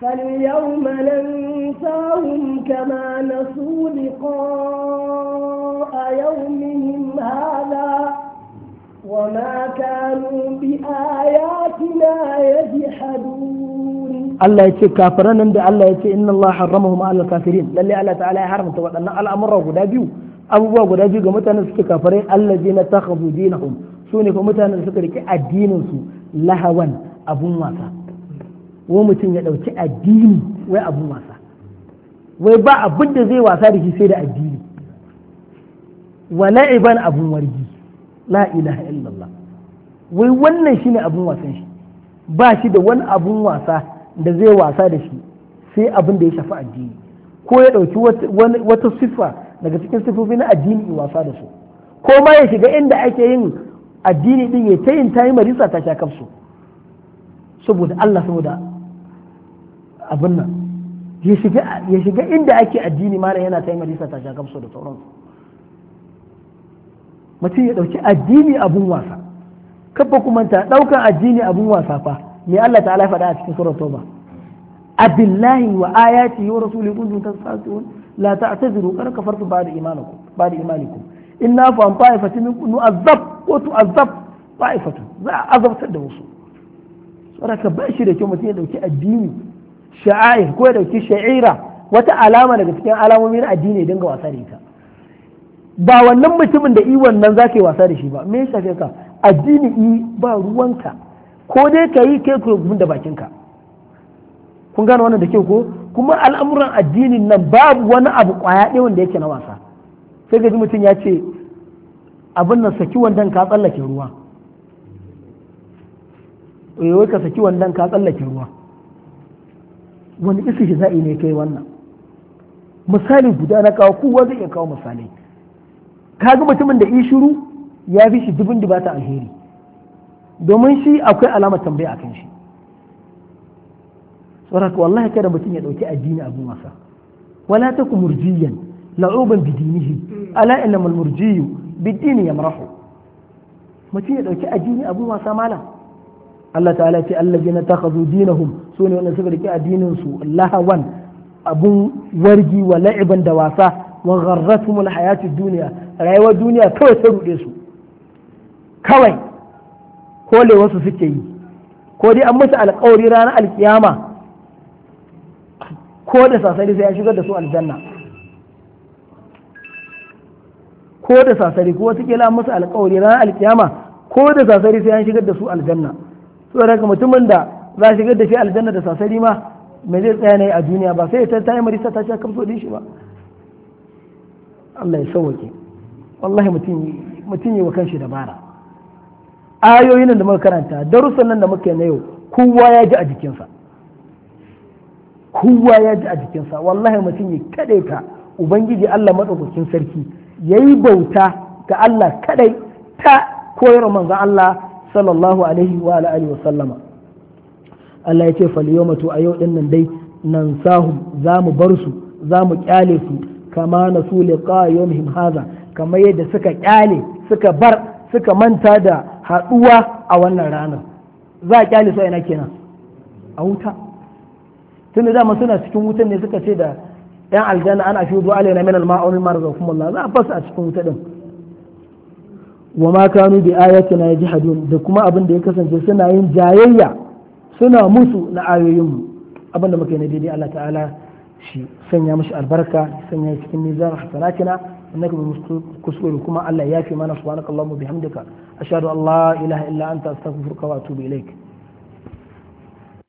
فاليوم ننساهم كما نسوا لقاء يومهم هذا وما كانوا بآياتنا يجحدون الله يتي كافرنا عند الله يتي إن الله حرمهم على الكافرين للي الله تعالى حرم تبقى أن الأمر غدا بيو abubuwa guda biyu ga mutanen suke kafirai allazi na takhazu dinahum su ne kuma mutanen suka rike addinin su lahawan abun wasa wa mutum ya ɗauki addini wai abun wasa wai ba abin da zai wasa da shi sai da addini wa la'iban abun wargi la ilaha illallah wai wannan shine abun wasan shi ba shi da wani abun wasa da zai wasa da shi sai abin da ya shafi addini ko ya ɗauki wata siffa daga cikin siffofi na addini wasa da su ko ma ya shiga inda ake yin addini din ya ta yin tayi marisa ta sha kafsu saboda Allah saboda abin nan ya shiga inda ake addini malam yana ta yi majalisa ta gamsu da sauran mutum ya dauki addini abun wasa kabba kuma ta daukan addini abun wasa fa me Allah ta ta'ala da a cikin surar toba abillahi wa ayati wa rasuli kuntum tasatun la ta'tadiru qad kafartu ba'da imanikum ba'da imanikum inna fa an ta'ifatu minkum nu'azzab wa tu'azzab ta'ifatu za a azabtar da wasu saboda ka bashi da kyau mutum ya dauki addini sha'air ko ya dauki sha'ira wata alama daga cikin alamomin addini ya dinga wasa da ita ba wannan mutumin da i wannan za ka yi wasa da shi ba me shafe ka addini i ba ruwanka ko dai ka yi kai ku da bakinka kun gane wannan da kyau ko kuma al'amuran addinin nan babu wani abu kwaya ɗaya wanda yake na wasa sai ga mutum ya ce abin nan saki wandan ka tsallake ruwa eh, wai ka saki wandan ka tsallake ruwa wani istihza'i ne kai wannan misali guda na kawo kowa zai iya kawo misalai kaga mutumin da shiru ya fi shi dubin bata alheri domin shi akwai alamar tambaya akan shi saboda wallahi kada mutum ya dauki addini abin wasa wala taku murjiyan la'uban bidinihi ala innamal murjiyu bidini yamrahu mutum ya dauki addini abin wasa malam Allah ta'ala ce allazina takhadhu dinahum su ne wanda suka rike addinin su lahawan abun wargi wa la'iban da wasa wa gharratumul hayatu duniya rayuwar duniya kawai ta rude su kawai kole wasu suke yi ko dai an musu alƙawari ranar alkiyama ko da sasari sai ya shigar da su aljanna ko da sasari ko wasu kila musu alƙawari ranar alkiyama ko da sasari sai ya shigar da su aljanna saboda haka mutumin da za a shigar da shi aljanna da sasari ma mai zai tsaya ne a duniya ba sai ta yi marisa ta sha kamso din shi ba Allah ya sauwake wallahi mutum yi wa kanshi dabara ayoyin da muka karanta darussan nan da muke na yau kowa ya ji a jikinsa kowa ya ji a jikinsa wallahi mutum ya kaɗai ka ubangiji Allah madaukakin sarki ya yi bauta ga Allah kaɗai ta koyar manzan Allah sallallahu alaihi wa alihi wa sallama Allah ya ce fal yawma to a yau din nan dai nan sahu za mu bar su za mu kyale su kama na su yawmihim hadha kamar yadda suka kyale suka bar suka manta da haduwa a wannan ranar za a kyale su ina kenan a wuta tunda dama suna cikin wutan ne suka ce da yan aljanna ana fi zuwa alaina min al-ma'un Allah za a fasa a cikin wuta din wa ma kanu bi ayatina yajhadun da kuma abin da ya kasance suna yin jayayya suna musu na ayoyinmu abin da muke na daidai Allah ta'ala shi sanya mashi albarka sanya cikin nizar hasanatina innaka bil kuskure kuma Allah ya fi mana subhanakallahumma bihamdika ashhadu an la ilaha illa anta astaghfiruka wa atubu ilaik